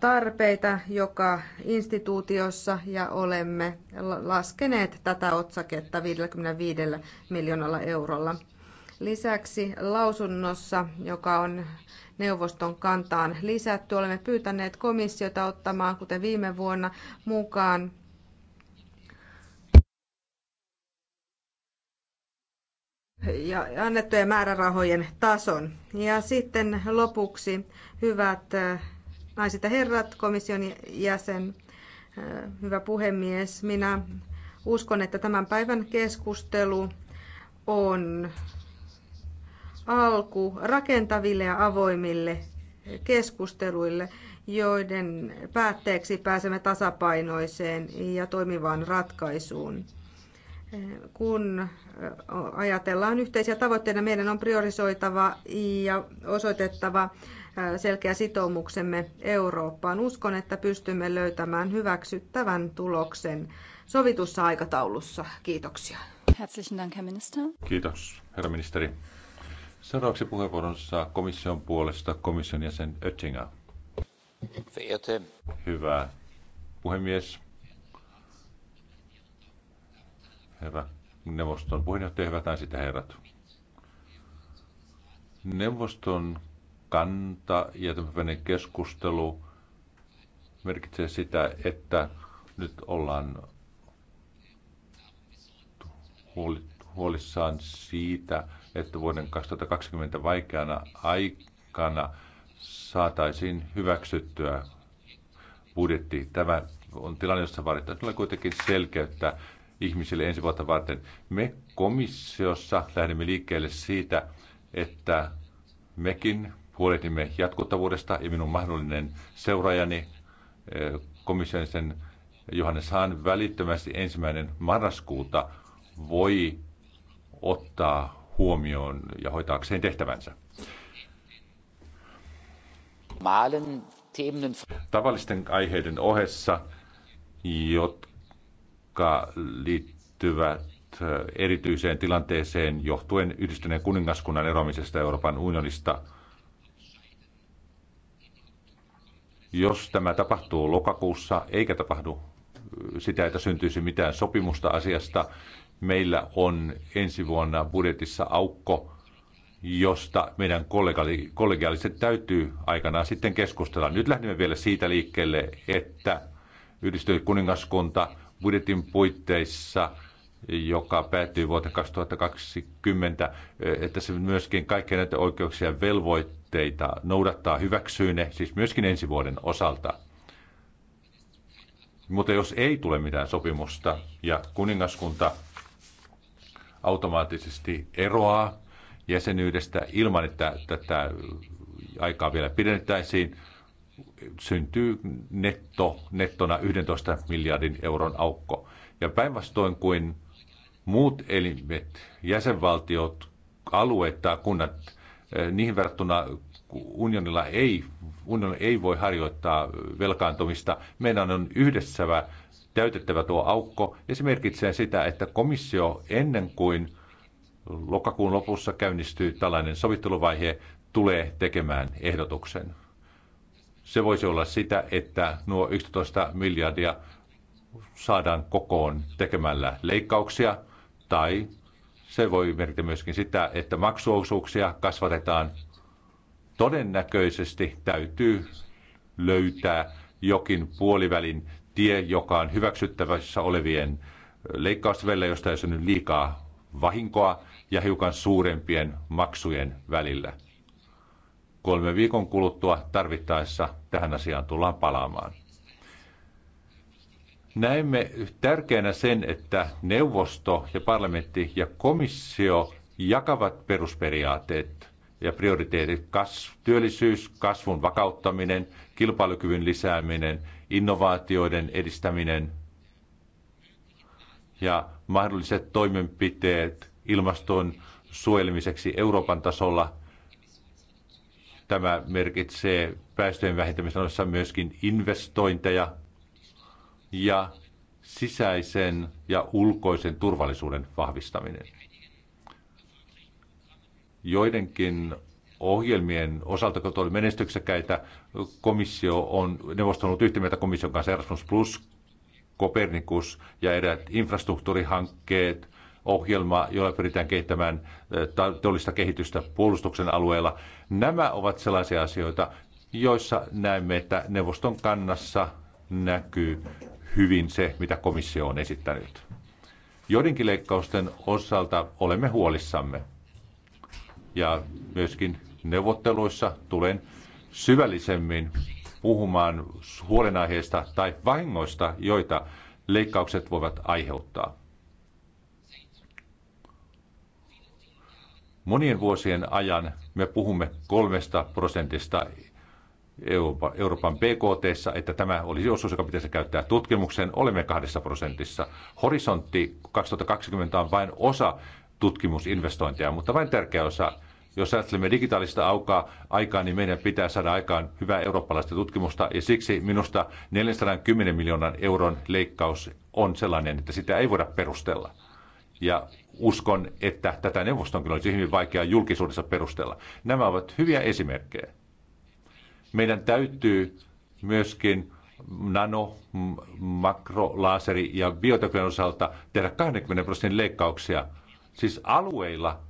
tarpeita joka instituutiossa ja olemme laskeneet tätä otsaketta 55 miljoonalla eurolla. Lisäksi lausunnossa, joka on neuvoston kantaan lisätty, olemme pyytäneet komissiota ottamaan, kuten viime vuonna, mukaan ja annettujen määrärahojen tason. Ja sitten lopuksi, hyvät äh, naiset ja herrat, komission jäsen, äh, hyvä puhemies, minä uskon, että tämän päivän keskustelu on alku rakentaville ja avoimille keskusteluille, joiden päätteeksi pääsemme tasapainoiseen ja toimivaan ratkaisuun. Kun ajatellaan yhteisiä tavoitteita, meidän on priorisoitava ja osoitettava selkeä sitoumuksemme Eurooppaan. Uskon, että pystymme löytämään hyväksyttävän tuloksen sovitussa aikataulussa. Kiitoksia. Herzlichen Dank, Herr Minister. Kiitos, herra ministeri. Seuraavaksi puheenvuoron saa komission puolesta komission jäsen Oettinger. Hyvä puhemies. Herra neuvoston puheenjohtaja, hyvät naiset herrat. Neuvoston kanta ja tämmöinen keskustelu merkitsee sitä, että nyt ollaan huoli, huolissaan siitä, että vuoden 2020 vaikeana aikana saataisiin hyväksyttyä budjetti. Tämä on tilanne, jossa vaaditaan kyllä kuitenkin selkeyttä ihmisille ensi vuotta varten. Me komissiossa lähdemme liikkeelle siitä, että mekin huolehdimme jatkuttavuudesta ja minun mahdollinen seuraajani eh, komission sen Johannes Hahn välittömästi ensimmäinen marraskuuta voi ottaa huomioon ja hoitaakseen tehtävänsä. Tavallisten aiheiden ohessa, jotka liittyvät eh, erityiseen tilanteeseen johtuen yhdistyneen kuningaskunnan eroamisesta Euroopan unionista. Jos tämä tapahtuu lokakuussa eikä tapahdu eh, sitä, että syntyisi mitään sopimusta asiasta, meillä on ensi vuonna budjetissa aukko, josta meidän kollegiaaliset täytyy aikanaan sitten keskustella. Nyt lähdemme vielä siitä liikkeelle, että yhdistynyt kuningaskunta budjetin puitteissa joka päättyy vuoteen 2020, että se myöskin kaikkia näitä oikeuksia ja velvoitteita noudattaa, hyväksyy ne, siis myöskin ensi vuoden osalta. Mutta jos ei tule mitään sopimusta ja kuningaskunta automaattisesti eroaa jäsenyydestä ilman, että tätä aikaa vielä pidennettäisiin, syntyy netto, nettona 11 miljardin euron aukko. Ja päinvastoin kuin muut elimet, jäsenvaltiot, alueet tai kunnat, eh, niihin verrattuna unionilla ei, union ei voi harjoittaa velkaantumista. Meidän on yhdessä täytettävä tuo aukko, ja se merkitsee sitä, että komissio ennen kuin lokakuun lopussa käynnistyy tällainen sovitteluvaihe, tulee tekemään ehdotuksen. Se voisi olla sitä, että nuo 11 miljardia saadaan kokoon tekemällä leikkauksia, tai se voi merkitä myöskin sitä, että maksuosuuksia kasvatetaan. Todennäköisesti täytyy löytää jokin puolivälin tie, joka on hyväksyttävässä olevien leikkausten välillä, josta ei synny liikaa vahinkoa, ja hiukan suurempien maksujen välillä. Kolme viikon kuluttua tarvittaessa tähän asiaan tullaan palaamaan. Näemme tärkeänä sen, että neuvosto ja parlamentti ja komissio jakavat perusperiaatteet ja prioriteetit työllisyys, kasvun vakauttaminen, kilpailukyvyn lisääminen innovaatioiden edistäminen ja mahdolliset toimenpiteet ilmaston suojelemiseksi Euroopan tasolla. Tämä merkitsee päästöjen vähentämisessä myöskin investointeja ja sisäisen ja ulkoisen turvallisuuden vahvistaminen. Joidenkin ohjelmien osalta, kun oli menestyksekäitä, komissio on neuvostonut yhtä mieltä komission kanssa Erasmus Plus, Copernicus ja eräät infrastruktuurihankkeet, ohjelma, jolla pyritään kehittämään teollista kehitystä puolustuksen alueella. Nämä ovat sellaisia asioita, joissa näemme, että neuvoston kannassa näkyy hyvin se, mitä komissio on esittänyt. Joidenkin leikkausten osalta olemme huolissamme ja myöskin neuvotteluissa tulen syvällisemmin puhumaan huolenaiheista tai vahingoista, joita leikkaukset voivat aiheuttaa. Monien vuosien ajan me puhumme kolmesta prosentista Euroopan BKT, että tämä olisi osuus, joka pitäisi käyttää tutkimukseen. Olemme kahdessa prosentissa. Horisontti 2020 on vain osa tutkimusinvestointeja, mutta vain tärkeä osa. Jos ajattelemme digitaalista aukaa, aikaa, niin meidän pitää saada aikaan hyvää eurooppalaista tutkimusta, ja siksi minusta 410 miljoonan euron leikkaus on sellainen, että sitä ei voida perustella. Ja uskon, että tätä neuvostonkin olisi hyvin vaikea julkisuudessa perustella. Nämä ovat hyviä esimerkkejä. Meidän täytyy myöskin nano, makro, laaseri ja bioteknologian osalta tehdä 20 prosentin leikkauksia. Siis alueilla,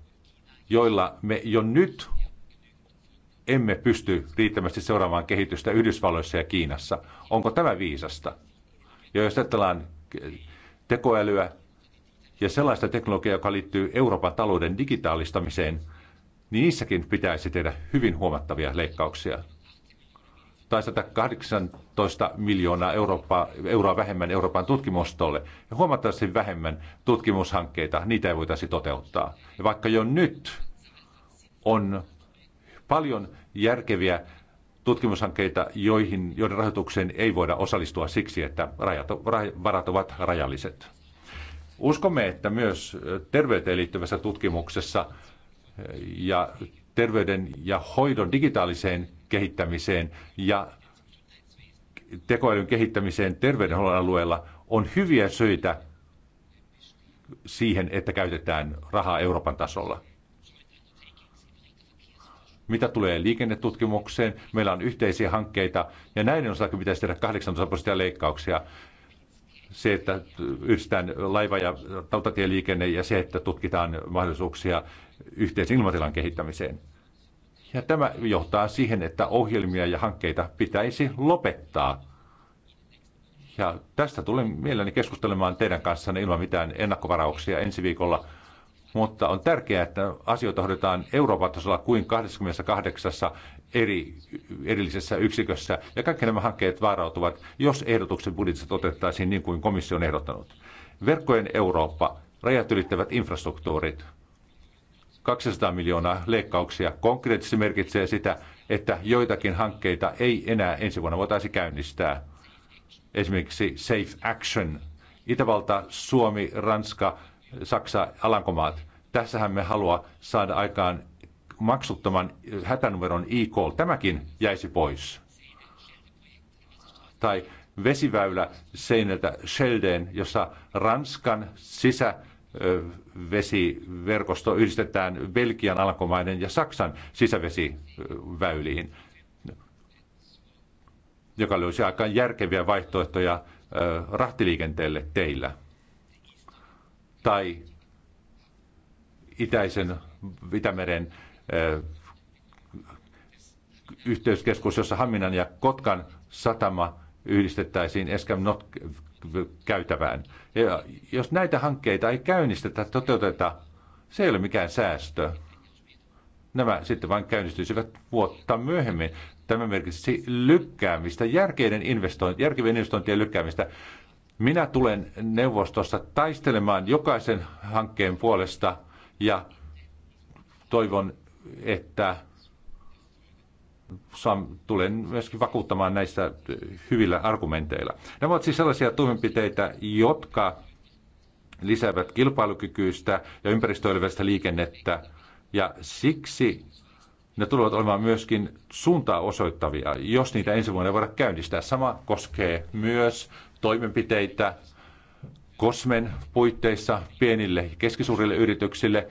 joilla me jo nyt emme pysty riittävästi seuraamaan kehitystä Yhdysvalloissa ja Kiinassa. Onko tämä viisasta? Ja jos ajatellaan tekoälyä ja sellaista teknologiaa, joka liittyy Euroopan talouden digitaalistamiseen, niin niissäkin pitäisi tehdä hyvin huomattavia leikkauksia tai 118 miljoonaa Eurooppa, euroa vähemmän Euroopan tutkimustolle ja huomattavasti vähemmän tutkimushankkeita, niitä ei voitaisi toteuttaa. Ja vaikka jo nyt on paljon järkeviä tutkimushankkeita, joihin, joiden rahoitukseen ei voida osallistua siksi, että rajat, raj, varat ovat rajalliset. Uskomme, että myös terveyteen liittyvässä tutkimuksessa ja terveyden ja hoidon digitaaliseen kehittämiseen ja tekoälyn kehittämiseen terveydenhuollon alueella on hyviä syitä siihen, että käytetään rahaa Euroopan tasolla. Mitä tulee liikennetutkimukseen, meillä on yhteisiä hankkeita ja näiden osalta pitäisi tehdä 18 prosenttia leikkauksia. Se, että yhdistetään laiva- ja tautatieliikenne ja se, että tutkitaan mahdollisuuksia yhteisen ilmatilan kehittämiseen. Ja tämä johtaa siihen, että ohjelmia ja hankkeita pitäisi lopettaa. Ja tästä tulen mielelläni keskustelemaan teidän kanssanne ilman mitään ennakkovarauksia ensi viikolla. Mutta on tärkeää, että asioita hoidetaan Euroopan tasolla kuin 28 eri, erillisessä yksikössä. Ja kaikki nämä hankkeet vaarautuvat, jos ehdotuksen budjetissa otettaisiin niin kuin komissio on ehdottanut. Verkkojen Eurooppa, rajat ylittävät infrastruktuurit, 200 miljoonaa leikkauksia. Konkreettisesti merkitsee sitä, että joitakin hankkeita ei enää ensi vuonna voitaisi käynnistää. Esimerkiksi Safe Action, Itävalta, Suomi, Ranska, Saksa, Alankomaat. Tässähän me haluaa saada aikaan maksuttoman hätänumeron e-call. Tämäkin jäisi pois. Tai vesiväylä seinältä Sheldeen, jossa Ranskan sisä vesiverkosto yhdistetään Belgian, Alankomaiden ja Saksan sisävesiväyliin, joka löysi aika järkeviä vaihtoehtoja rahtiliikenteelle teillä. Tai itäisen Itämeren yhteyskeskus, jossa Haminan ja Kotkan satama yhdistettäisiin Eskam käytävään. Ja jos näitä hankkeita ei käynnistetä, toteuteta, se ei ole mikään säästö. Nämä sitten vain käynnistyisivät vuotta myöhemmin. Tämä merkitsisi lykkäämistä, järkeiden investointi, järkevien investointien lykkäämistä. Minä tulen neuvostossa taistelemaan jokaisen hankkeen puolesta ja toivon, että tulen myöskin vakuuttamaan näistä hyvillä argumenteilla. Nämä ovat siis sellaisia toimenpiteitä, jotka lisäävät kilpailukykyistä ja ympäristöylivästä liikennettä, ja siksi ne tulevat olemaan myöskin suuntaa osoittavia, jos niitä ensi vuonna ei voida käynnistää. Sama koskee myös toimenpiteitä kosmen puitteissa pienille ja keskisuurille yrityksille.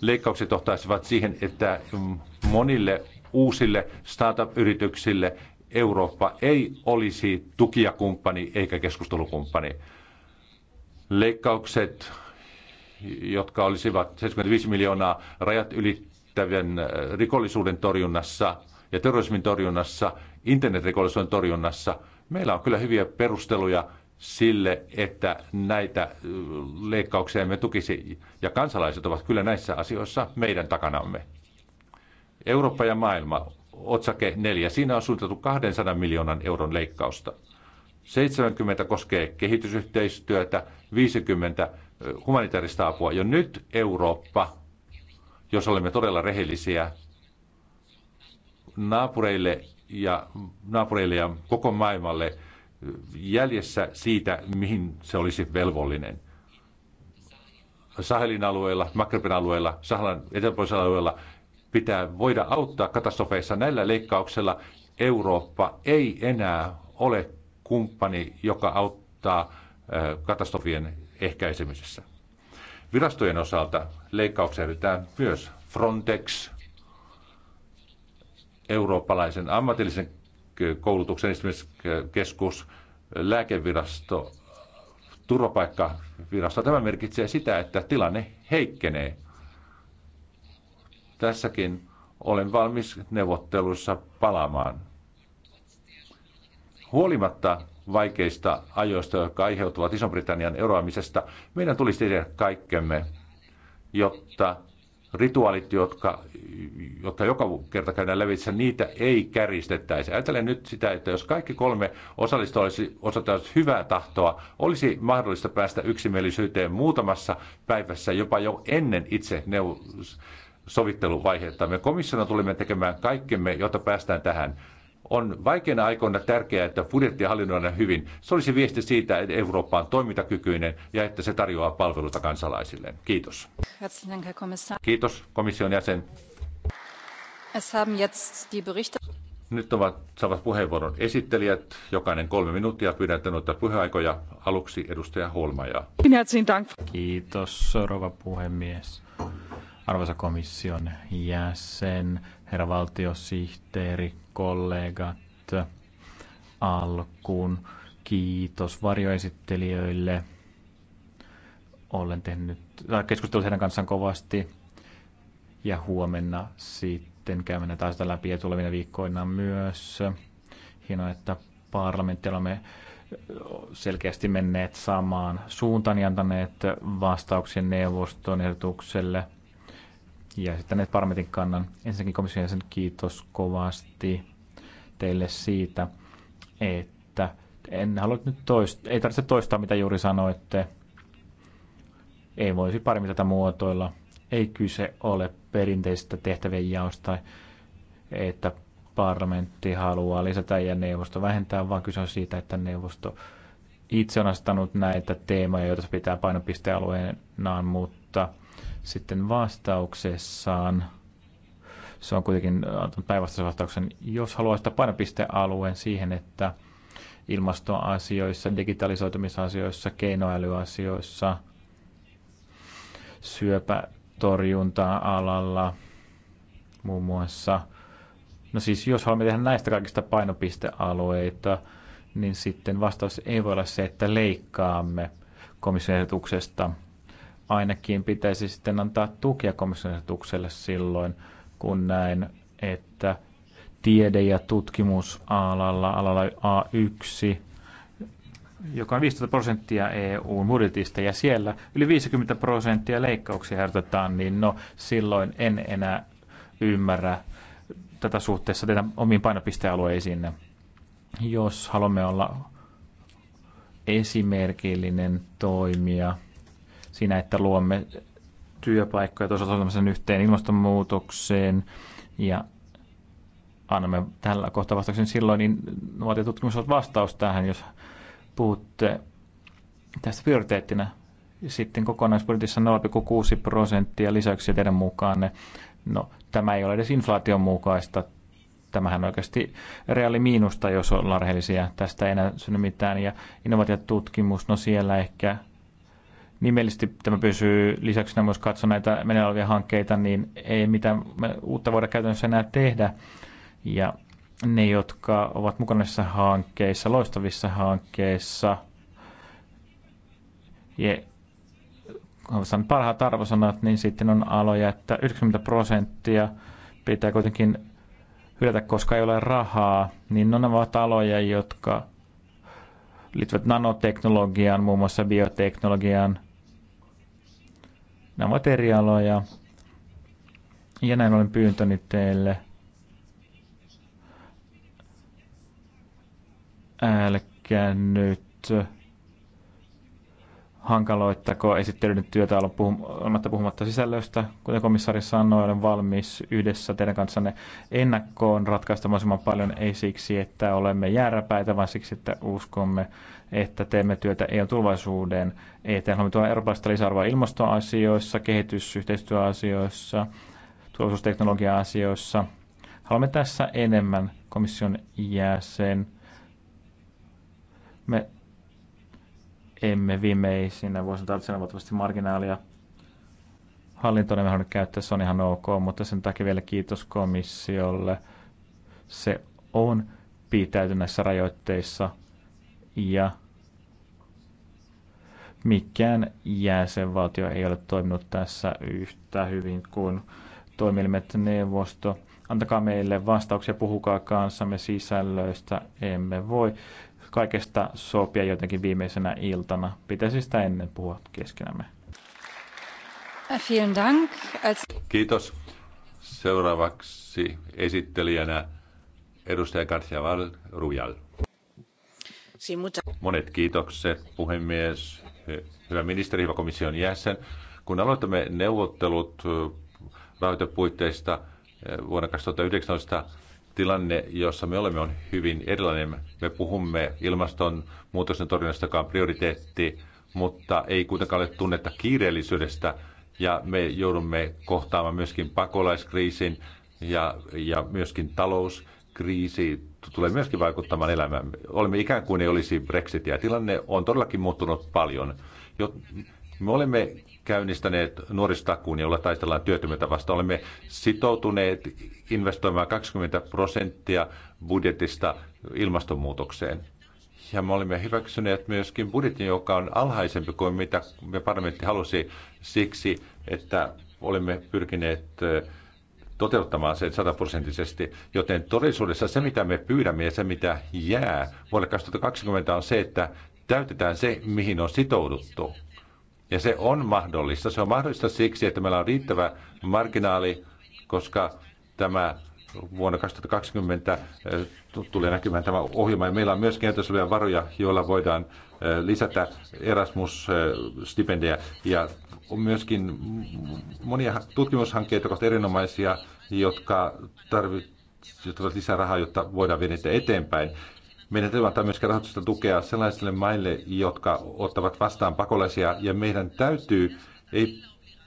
Leikkaukset johtaisivat siihen, että monille uusille startup-yrityksille Eurooppa ei olisi tukijakumppani eikä keskustelukumppani. Leikkaukset, jotka olisivat 75 miljoonaa rajat ylittävän äh, rikollisuuden torjunnassa ja terrorismin torjunnassa, internetrikollisuuden torjunnassa, meillä on kyllä hyviä perusteluja sille, että näitä äh, leikkauksia emme tukisi. Ja kansalaiset ovat kyllä näissä asioissa meidän takanamme. Eurooppa ja maailma, otsake 4. Siinä on suunniteltu 200 miljoonan euron leikkausta. 70 koskee kehitysyhteistyötä, 50 humanitaarista apua. Jo nyt Eurooppa, jos olemme todella rehellisiä, naapureille ja, naapureille ja koko maailmalle jäljessä siitä, mihin se olisi velvollinen. Sahelin alueella, Magrebin alueella, Sahalan eteläpuolisella alueella pitää voida auttaa katastrofeissa. Näillä leikkauksella Eurooppa ei enää ole kumppani, joka auttaa katastrofien ehkäisemisessä. Virastojen osalta leikkauksia edetään myös Frontex, eurooppalaisen ammatillisen koulutuksen keskus, lääkevirasto, turvapaikkavirasto. Tämä merkitsee sitä, että tilanne heikkenee. Tässäkin olen valmis neuvottelussa palaamaan. Huolimatta vaikeista ajoista, jotka aiheutuvat iso britannian eroamisesta, meidän tulisi tehdä kaikkemme, jotta rituaalit, jotka, jotka joka kerta käydään levitse, niitä ei käristettäisi. Ajattelen nyt sitä, että jos kaikki kolme osallista olisi osoittanut hyvää tahtoa, olisi mahdollista päästä yksimielisyyteen muutamassa päivässä, jopa jo ennen itse neu- sovitteluvaihetta. Me komissiona tulemme tekemään kaikkemme, jotta päästään tähän. On vaikeina aikoina tärkeää, että budjetti hallinnoidaan hyvin. Se olisi viesti siitä, että Eurooppa on toimintakykyinen ja että se tarjoaa palveluita kansalaisille. Kiitos. Kiitos komission jäsen. Nyt ovat, saavat puheenvuoron esittelijät, jokainen kolme minuuttia. Pyydän, että noita puheaikoja aluksi edustaja Holma. Ja... Kiitos, rouva puhemies arvoisa komission jäsen, herra valtiosihteeri, kollegat, alkuun kiitos varjoesittelijöille. Olen tehnyt, keskustelut heidän kanssaan kovasti ja huomenna sitten käymme näitä asioita läpi ja tulevina viikkoina myös. Hienoa, että parlamentti olemme selkeästi menneet samaan suuntaan ja antaneet vastauksen neuvoston ehdotukselle ja sitten esittäneet Parmetin kannan. Ensinnäkin komission jäsen kiitos kovasti teille siitä, että en halua nyt toistaa, ei tarvitse toistaa mitä juuri sanoitte. Ei voisi paremmin tätä muotoilla. Ei kyse ole perinteisestä tehtävien jaosta, että parlamentti haluaa lisätä ja neuvosto vähentää, vaan kyse on siitä, että neuvosto itse on asettanut näitä teemoja, joita se pitää painopistealueenaan, mutta – sitten vastauksessaan, se on kuitenkin antanut äh, päinvastaisen vastauksen, jos haluaa sitä painopistealueen siihen, että ilmastoasioissa, digitalisoitumisasioissa, keinoälyasioissa, syöpätorjunta-alalla muun muassa. No siis jos haluamme tehdä näistä kaikista painopistealueita, niin sitten vastaus ei voi olla se, että leikkaamme komission ehdotuksesta – ainakin pitäisi sitten antaa tukea komission asetukselle silloin, kun näin, että tiede- ja tutkimusalalla, alalla A1, joka on 15 prosenttia EUn budjetista, ja siellä yli 50 prosenttia leikkauksia herätetään, niin no silloin en enää ymmärrä tätä suhteessa teidän omiin painopistealueisiinne. Jos haluamme olla esimerkillinen toimija, siinä, että luomme työpaikkoja toisaalta yhteen ilmastonmuutokseen ja annamme tällä kohtaa vastauksen silloin, niin nuotiotutkimus on vastaus tähän, jos puhutte tästä prioriteettina. Sitten kokonaisbudjetissa 0,6 prosenttia lisäyksiä teidän mukaanne. No, tämä ei ole edes inflaation mukaista. Tämähän on oikeasti reaali miinusta, jos ollaan rehellisiä. Tästä ei enää synny mitään. Ja innovaatiotutkimus, no siellä ehkä nimellisesti tämä pysyy lisäksi, myös katsoa näitä meneillä olevia hankkeita, niin ei mitään uutta voida käytännössä enää tehdä. Ja ne, jotka ovat mukana näissä hankkeissa, loistavissa hankkeissa, ja on parhaat arvosanat, niin sitten on aloja, että 90 prosenttia pitää kuitenkin hylätä, koska ei ole rahaa, niin on no, nämä ovat aloja, jotka liittyvät nanoteknologiaan, muun muassa bioteknologiaan. Nämä ovat eri aloja. Ja näin olen pyyntänyt teille. Älkää nyt hankaloittako esittelyiden työtä olla puhum- olematta puhumatta sisällöstä. Kuten komissaari sanoi, olen valmis yhdessä teidän kanssanne ennakkoon ratkaista mahdollisimman paljon, ei siksi, että olemme jääräpäitä, vaan siksi, että uskomme, että teemme työtä EUn tulvaisuuden, eteen. Haluamme tuoda eurooppalaista lisäarvoa ilmastoasioissa, kehitysyhteistyöasioissa, turvallisuusteknologia-asioissa. Haluamme tässä enemmän komission jäsen. Me emme viimeisinä vuosina tarvitse valtavasti marginaalia hallintoon, emme käyttää, se on ihan ok, mutta sen takia vielä kiitos komissiolle. Se on pitäyty näissä rajoitteissa ja mikään jäsenvaltio ei ole toiminut tässä yhtä hyvin kuin toimielimet neuvosto. Antakaa meille vastauksia, puhukaa kanssamme sisällöistä, emme voi kaikesta sopia jotenkin viimeisenä iltana. Pitäisi sitä ennen puhua keskenämme. Kiitos. Seuraavaksi esittelijänä edustaja Garcia Val Rujal. Monet kiitokset, puhemies, hyvä ministeri, hyvä komission jäsen. Kun aloitamme neuvottelut eh, rahoitepuitteista eh, vuonna 2019, tilanne, jossa me olemme, on hyvin erilainen. Me puhumme ilmastonmuutoksen torjunnasta, joka on prioriteetti, mutta ei kuitenkaan ole tunnetta kiireellisyydestä. Ja me joudumme kohtaamaan myöskin pakolaiskriisin ja, ja myöskin talouskriisi tulee myöskin vaikuttamaan elämään. Olemme ikään kuin ei olisi Brexitia. Tilanne on todellakin muuttunut paljon. me olemme käynnistäneet nuoristakuun, jolla taistellaan työttömyyttä vastaan. Olemme sitoutuneet investoimaan 20 prosenttia budjetista ilmastonmuutokseen. Ja me olimme hyväksyneet myöskin budjetin, joka on alhaisempi kuin mitä me parlamentti halusi siksi, että olemme pyrkineet toteuttamaan sen sataprosenttisesti. Joten todellisuudessa se, mitä me pyydämme ja se, mitä jää vuodelle 2020 on se, että täytetään se, mihin on sitouduttu. Ja se on mahdollista. Se on mahdollista siksi, että meillä on riittävä marginaali, koska tämä vuonna 2020 eh, tulee näkymään tämä ohjelma. Ja meillä on myös käytössä varoja, joilla voidaan eh, lisätä Erasmus-stipendejä. Eh, ja on myöskin monia tutkimushankkeita, jotka ovat erinomaisia, jotka tarvitsevat lisää rahaa, jotta voidaan viedä eteenpäin. Meidän täytyy antaa myöskin rahoitusta tukea sellaisille maille, jotka ottavat vastaan pakolaisia, ja meidän täytyy ei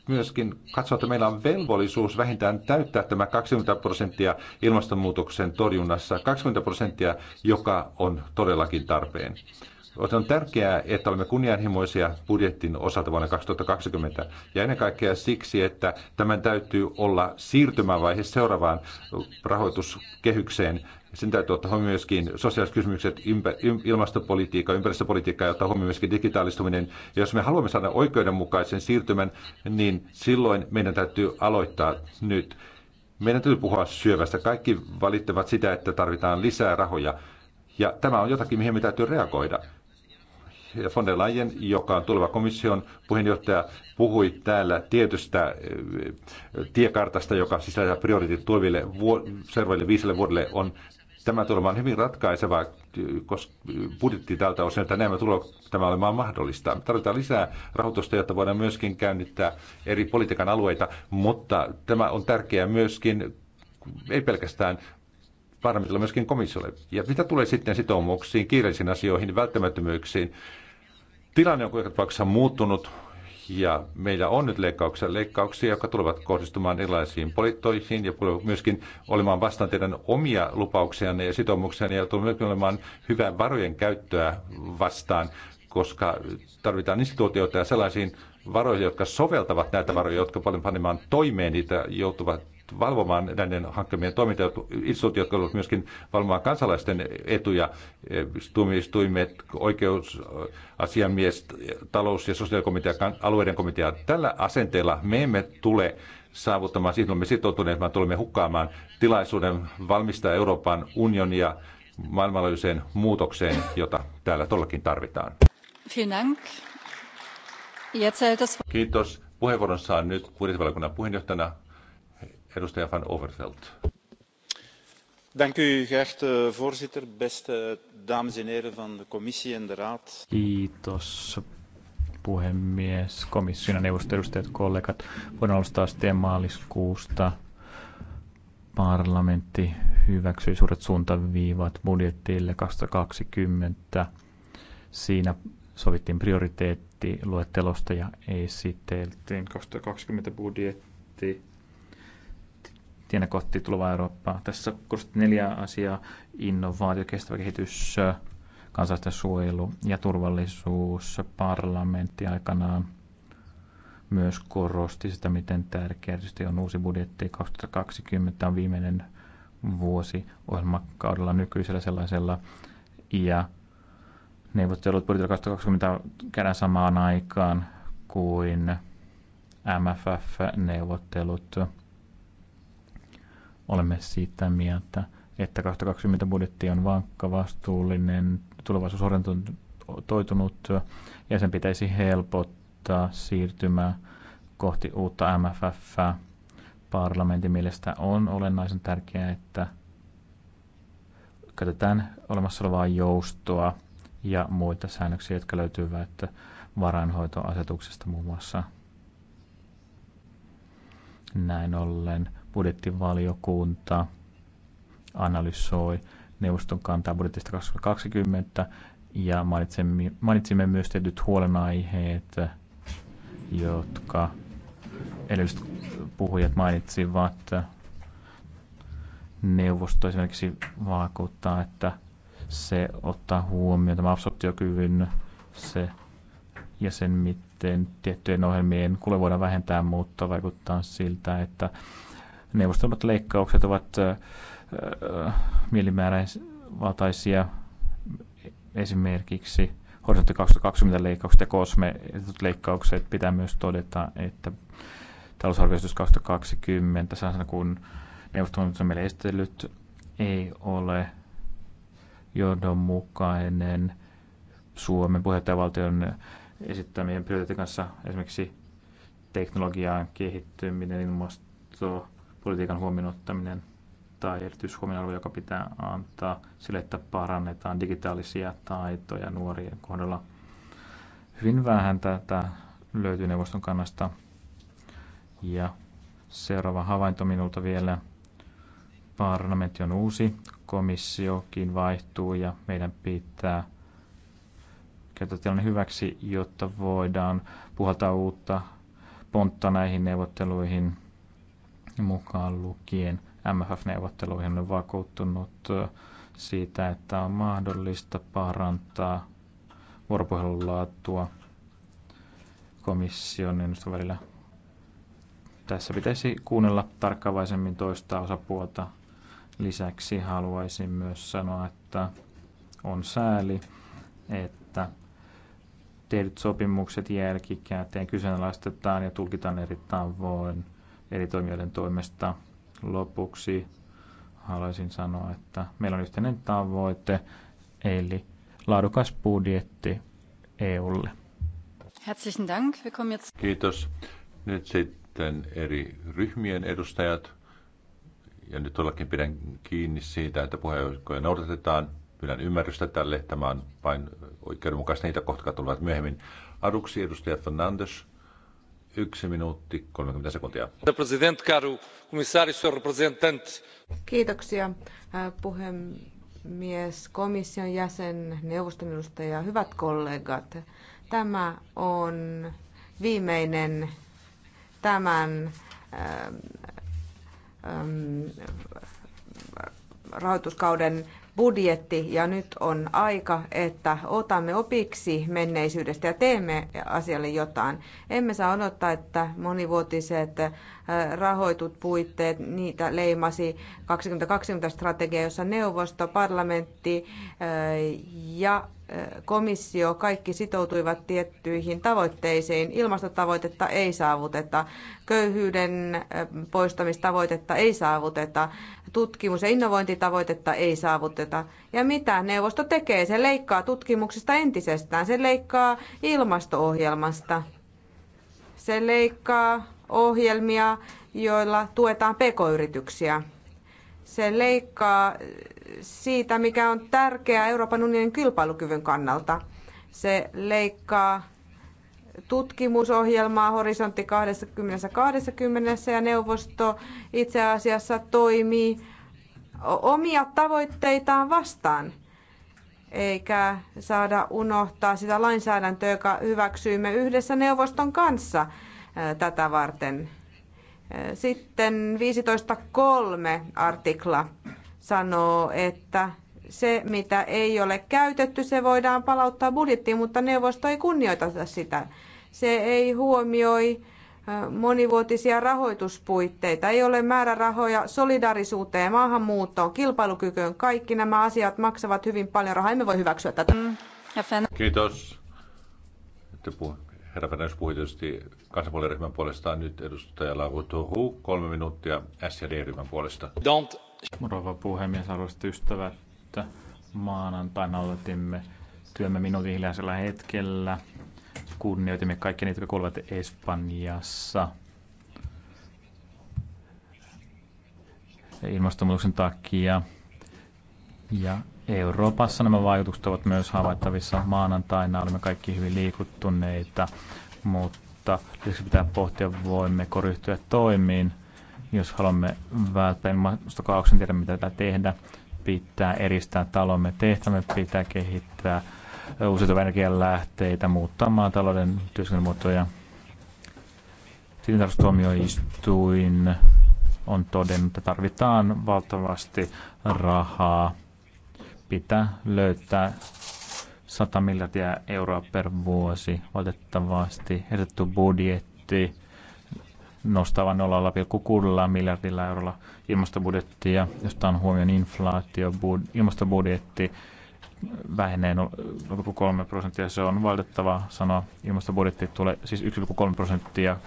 myöskin katsoa, että meillä on velvollisuus vähintään täyttää tämä 20 prosenttia ilmastonmuutoksen torjunnassa, 20 prosenttia, joka on todellakin tarpeen. On tärkeää, että olemme kunnianhimoisia budjettin osalta vuonna 2020 ja ennen kaikkea siksi, että tämän täytyy olla siirtymävaihe seuraavaan rahoituskehykseen. Sen täytyy ottaa huomioon myöskin sosiaaliset kysymykset, ympä, ilmastopolitiikka, ympäristöpolitiikka ja ottaa huomioon myöskin digitaalistuminen. Ja jos me haluamme saada oikeudenmukaisen siirtymän, niin silloin meidän täytyy aloittaa nyt. Meidän täytyy puhua syövästä. Kaikki valittavat sitä, että tarvitaan lisää rahoja. Ja tämä on jotakin, mihin me täytyy reagoida von der Leyen, joka on tuleva komission puheenjohtaja, puhui täällä tietystä eh, tiekartasta, joka sisältää prioriteetit tuleville seuraaville viisille vuodelle, on tämä tulemaan hyvin ratkaiseva koska budjetti tältä osin, että nämä tulee tämä olemaan mahdollista. Tarvitaan lisää rahoitusta, jotta voidaan myöskin käynnittää eri politiikan alueita, mutta tämä on tärkeää myöskin, ei pelkästään parlamentilla, myöskin komissiolle. Ja mitä tulee sitten sitoumuksiin, kiireisiin asioihin, välttämättömyyksiin, Tilanne on kuitenkin tapauksessa muuttunut ja meillä on nyt leikkauksia, leikkauksia, jotka tulevat kohdistumaan erilaisiin poliittoihin ja myöskin olemaan vastaan teidän omia lupauksianne ja sitoumuksianne ja tulevat olemaan hyvää varojen käyttöä vastaan, koska tarvitaan instituutioita ja sellaisiin varoihin, jotka soveltavat näitä varoja, jotka paljon panemaan toimeen niitä joutuvat valvomaan näiden hankkeen toimintaa, instituutiot, jotka ovat myöskin valvomaan kansalaisten etuja, tuomioistuimet, oikeusasiamies, talous- ja sosiaalikomitea, alueiden komitea. Tällä asenteella me emme tule saavuttamaan, siitä olemme sitoutuneet, vaan tulemme hukkaamaan tilaisuuden valmistaa Euroopan unionia maailmanlaajuiseen muutokseen, jota täällä todellakin tarvitaan. Kiitos. Puheenvuoron saa nyt budjettivaliokunnan puheenjohtajana Edustaja Van Overveld. geachte voorzitter, beste dames en heren van de commissie en de raad. Kiitos, puhemies, komission neuvoston edustajat, kollegat. Voin alustaa sitten maaliskuusta. Parlamentti hyväksyi suuret suuntaviivat budjettille 2020. Siinä sovittiin prioriteettiluettelosta ja esiteltiin 2020 budjetti tienä kohti tulevaa Eurooppaa. Tässä korostettiin neljä asiaa, innovaatio, kestävä kehitys, kansallisten suojelu ja turvallisuus. Parlamentti aikanaan myös korosti sitä, miten tärkeää on uusi budjetti. 2020 on viimeinen vuosi ohjelmakaudella nykyisellä sellaisella ja neuvottelut budjetilla 2020 käydään samaan aikaan kuin MFF-neuvottelut Olemme sitä mieltä, että 2020 budjetti on vankka, vastuullinen, tulevaisuusorientoitunut ja sen pitäisi helpottaa siirtymää kohti uutta MFF. Parlamentin mielestä on olennaisen tärkeää, että käytetään olemassa olevaa joustoa ja muita säännöksiä, jotka löytyvät varainhoitoasetuksesta muun muassa. Näin ollen budjettivaliokunta analysoi neuvoston kantaa budjetista 2020 ja mainitsimme, mainitsimme myös tietyt huolenaiheet, jotka edelliset puhujat mainitsivat. Neuvosto esimerkiksi vakuuttaa, että se ottaa huomioon tämä absorptiokyvyn se, ja sen, miten tiettyjen ohjelmien kule voidaan vähentää, mutta vaikuttaa siltä, että neuvostelmat leikkaukset ovat mielimääräisvaltaisia esimerkiksi Horisontti 2020 leikkaukset ja Kosme leikkaukset pitää myös todeta, että talousarvioistus 2020 sellaisena kuin on meille esitellyt ei ole johdonmukainen Suomen puheenjohtajavaltion esittämien prioriteetin kanssa esimerkiksi teknologiaan kehittyminen, ilmasto, politiikan huomioon ottaminen tai erityishuomioarvo, joka pitää antaa sille, että parannetaan digitaalisia taitoja nuorien kohdalla. Hyvin vähän tätä löytyy neuvoston kannasta. Ja seuraava havainto minulta vielä. Parlamentti on uusi, komissiokin vaihtuu ja meidän pitää käyttää tilanne hyväksi, jotta voidaan puhaltaa uutta pontta näihin neuvotteluihin – mukaan lukien MFF-neuvotteluihin. on vakuuttunut siitä, että on mahdollista parantaa vuoropuhelun laatua komission ja välillä. Tässä pitäisi kuunnella tarkkaavaisemmin toista osapuolta. Lisäksi haluaisin myös sanoa, että on sääli, että tehdyt sopimukset jälkikäteen kyseenalaistetaan ja tulkitaan eri tavoin – eri toimijoiden toimesta. Lopuksi haluaisin sanoa, että meillä on yhteinen tavoite, eli laadukas budjetti EUlle. Herzlichen Dank. Kiitos. Nyt sitten eri ryhmien edustajat. Ja nyt todellakin pidän kiinni siitä, että puheenjohtaja noudatetaan. Pyydän ymmärrystä tälle. Tämä on vain oikeudenmukaista niitä kohtaa jotka tulevat myöhemmin. Aluksi edustaja Fernandes. Yksi minuutti, 30 sekuntia. President, caro Kiitoksia puhemies, komission jäsen, neuvoston edustaja, hyvät kollegat. Tämä on viimeinen tämän ähm, ähm, rahoituskauden budjetti ja nyt on aika, että otamme opiksi menneisyydestä ja teemme asialle jotain. Emme saa odottaa, että monivuotiset rahoitut puitteet, niitä leimasi 2020-strategia, jossa neuvosto, parlamentti ja komissio kaikki sitoutuivat tiettyihin tavoitteisiin. Ilmastotavoitetta ei saavuteta, köyhyyden poistamistavoitetta ei saavuteta, tutkimus- ja innovointitavoitetta ei saavuteta. Ja mitä neuvosto tekee? Se leikkaa tutkimuksesta entisestään, se leikkaa ilmastoohjelmasta, se leikkaa ohjelmia, joilla tuetaan pk-yrityksiä. Se leikkaa siitä, mikä on tärkeää Euroopan unionin kilpailukyvyn kannalta. Se leikkaa tutkimusohjelmaa Horisontti 2020 ja neuvosto itse asiassa toimii omia tavoitteitaan vastaan eikä saada unohtaa sitä lainsäädäntöä, joka hyväksyimme yhdessä neuvoston kanssa tätä varten. Sitten 15.3 artikla sanoo, että se, mitä ei ole käytetty, se voidaan palauttaa budjettiin, mutta neuvosto ei kunnioita sitä. Se ei huomioi monivuotisia rahoituspuitteita, ei ole määrärahoja solidarisuuteen, maahanmuuttoon, kilpailukykyyn. Kaikki nämä asiat maksavat hyvin paljon rahaa. Emme voi hyväksyä tätä. Mm, Kiitos. Te puhutte. Herra Fernandes puhui tietysti kansanpuoliryhmän puolesta. Nyt edustaja Lavutuhu, kolme minuuttia SCD-ryhmän puolesta. Don't. Rouva puhemies, arvoisat ystävät, maanantaina aloitimme työmme minuutin hiljaisella hetkellä. Kunnioitimme kaikki niitä, jotka kuuluvat Espanjassa. Ilmastonmuutoksen takia ja Euroopassa nämä vaikutukset ovat myös havaittavissa maanantaina. Olemme kaikki hyvin liikuttuneita, mutta lisäksi pitää pohtia, voimmeko ryhtyä toimiin. Jos haluamme välttää ilmastokauksen tiedä mitä tätä tehdä. Pitää eristää talomme tehtävämme, pitää kehittää energian lähteitä, muuttaa maatalouden työskentelymuotoja. Tilintarkastustuomioistuin on todennut, että tarvitaan valtavasti rahaa pitää löytää 100 miljardia euroa per vuosi. Valitettavasti ehdotettu budjetti nostava 0,6 miljardilla eurolla ilmastobudjettia, josta on huomioon inflaatio, bud- ilmastobudjetti vähenee 0,3 no- prosenttia. Se on valitettava sanoa. Ilmastobudjetti tulee siis 1,3 prosenttia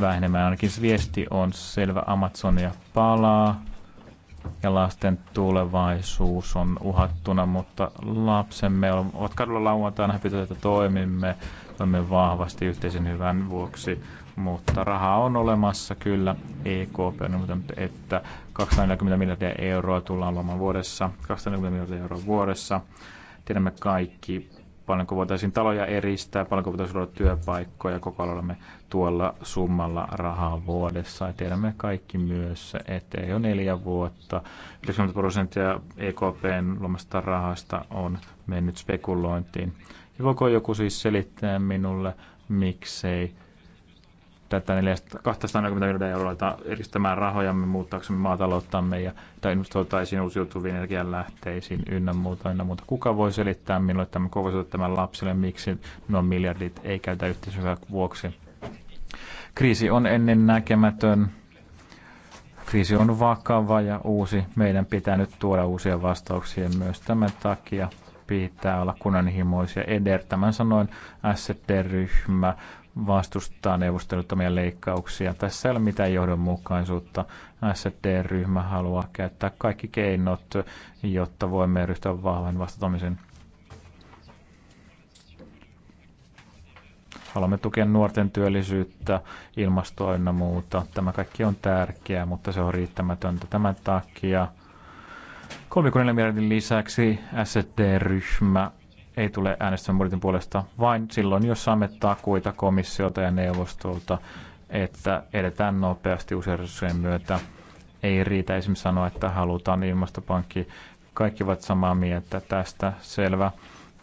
vähenemään. Ainakin se viesti on selvä. Amazonia palaa ja lasten tulevaisuus on uhattuna, mutta lapsemme ovat kadulla lauantaina, he pitävät, että toimimme, toimimme vahvasti yhteisen hyvän vuoksi, mutta rahaa on olemassa kyllä EKP, on että 240 miljardia euroa tullaan olemaan vuodessa, 240 miljardia euroa vuodessa. Tiedämme kaikki, paljonko voitaisiin taloja eristää, paljonko voitaisiin luoda työpaikkoja, koko alallamme tuolla summalla rahaa vuodessa. Ja tiedämme kaikki myös, että jo neljä vuotta 90 prosenttia EKPn luomasta rahasta on mennyt spekulointiin. Ja voiko joku siis selittää minulle, miksei käyttää 240 miljardia euroa eristämään rahojamme, muuttaaksemme maatalouttamme ja, tai investoitaisiin uusiutuviin energianlähteisiin ynnä muuta, ynnä muuta. Kuka voi selittää minulle tämän kokoisuuden tämän lapselle, miksi nuo miljardit ei käytä yhteisöä vuoksi? Kriisi on ennen näkemätön. Kriisi on vakava ja uusi. Meidän pitää nyt tuoda uusia vastauksia myös tämän takia pitää olla kunnanhimoisia. Eder, tämän sanoin SD-ryhmä vastustaa neuvosteluttomia leikkauksia. Tässä ei ole mitään johdonmukaisuutta. SD-ryhmä haluaa käyttää kaikki keinot, jotta voimme ryhtyä vahvan vastaamisen. Haluamme tukea nuorten työllisyyttä, ilmastoa ja muuta. Tämä kaikki on tärkeää, mutta se on riittämätöntä. Tämän takia 3,4 miljardin lisäksi SD-ryhmä ei tule äänestämään budjetin puolesta vain silloin, jos saamme takuita komissiolta ja neuvostolta, että edetään nopeasti usein resurssien myötä. Ei riitä esimerkiksi sanoa, että halutaan ilmastopankki. Kaikki ovat samaa mieltä tästä, selvä.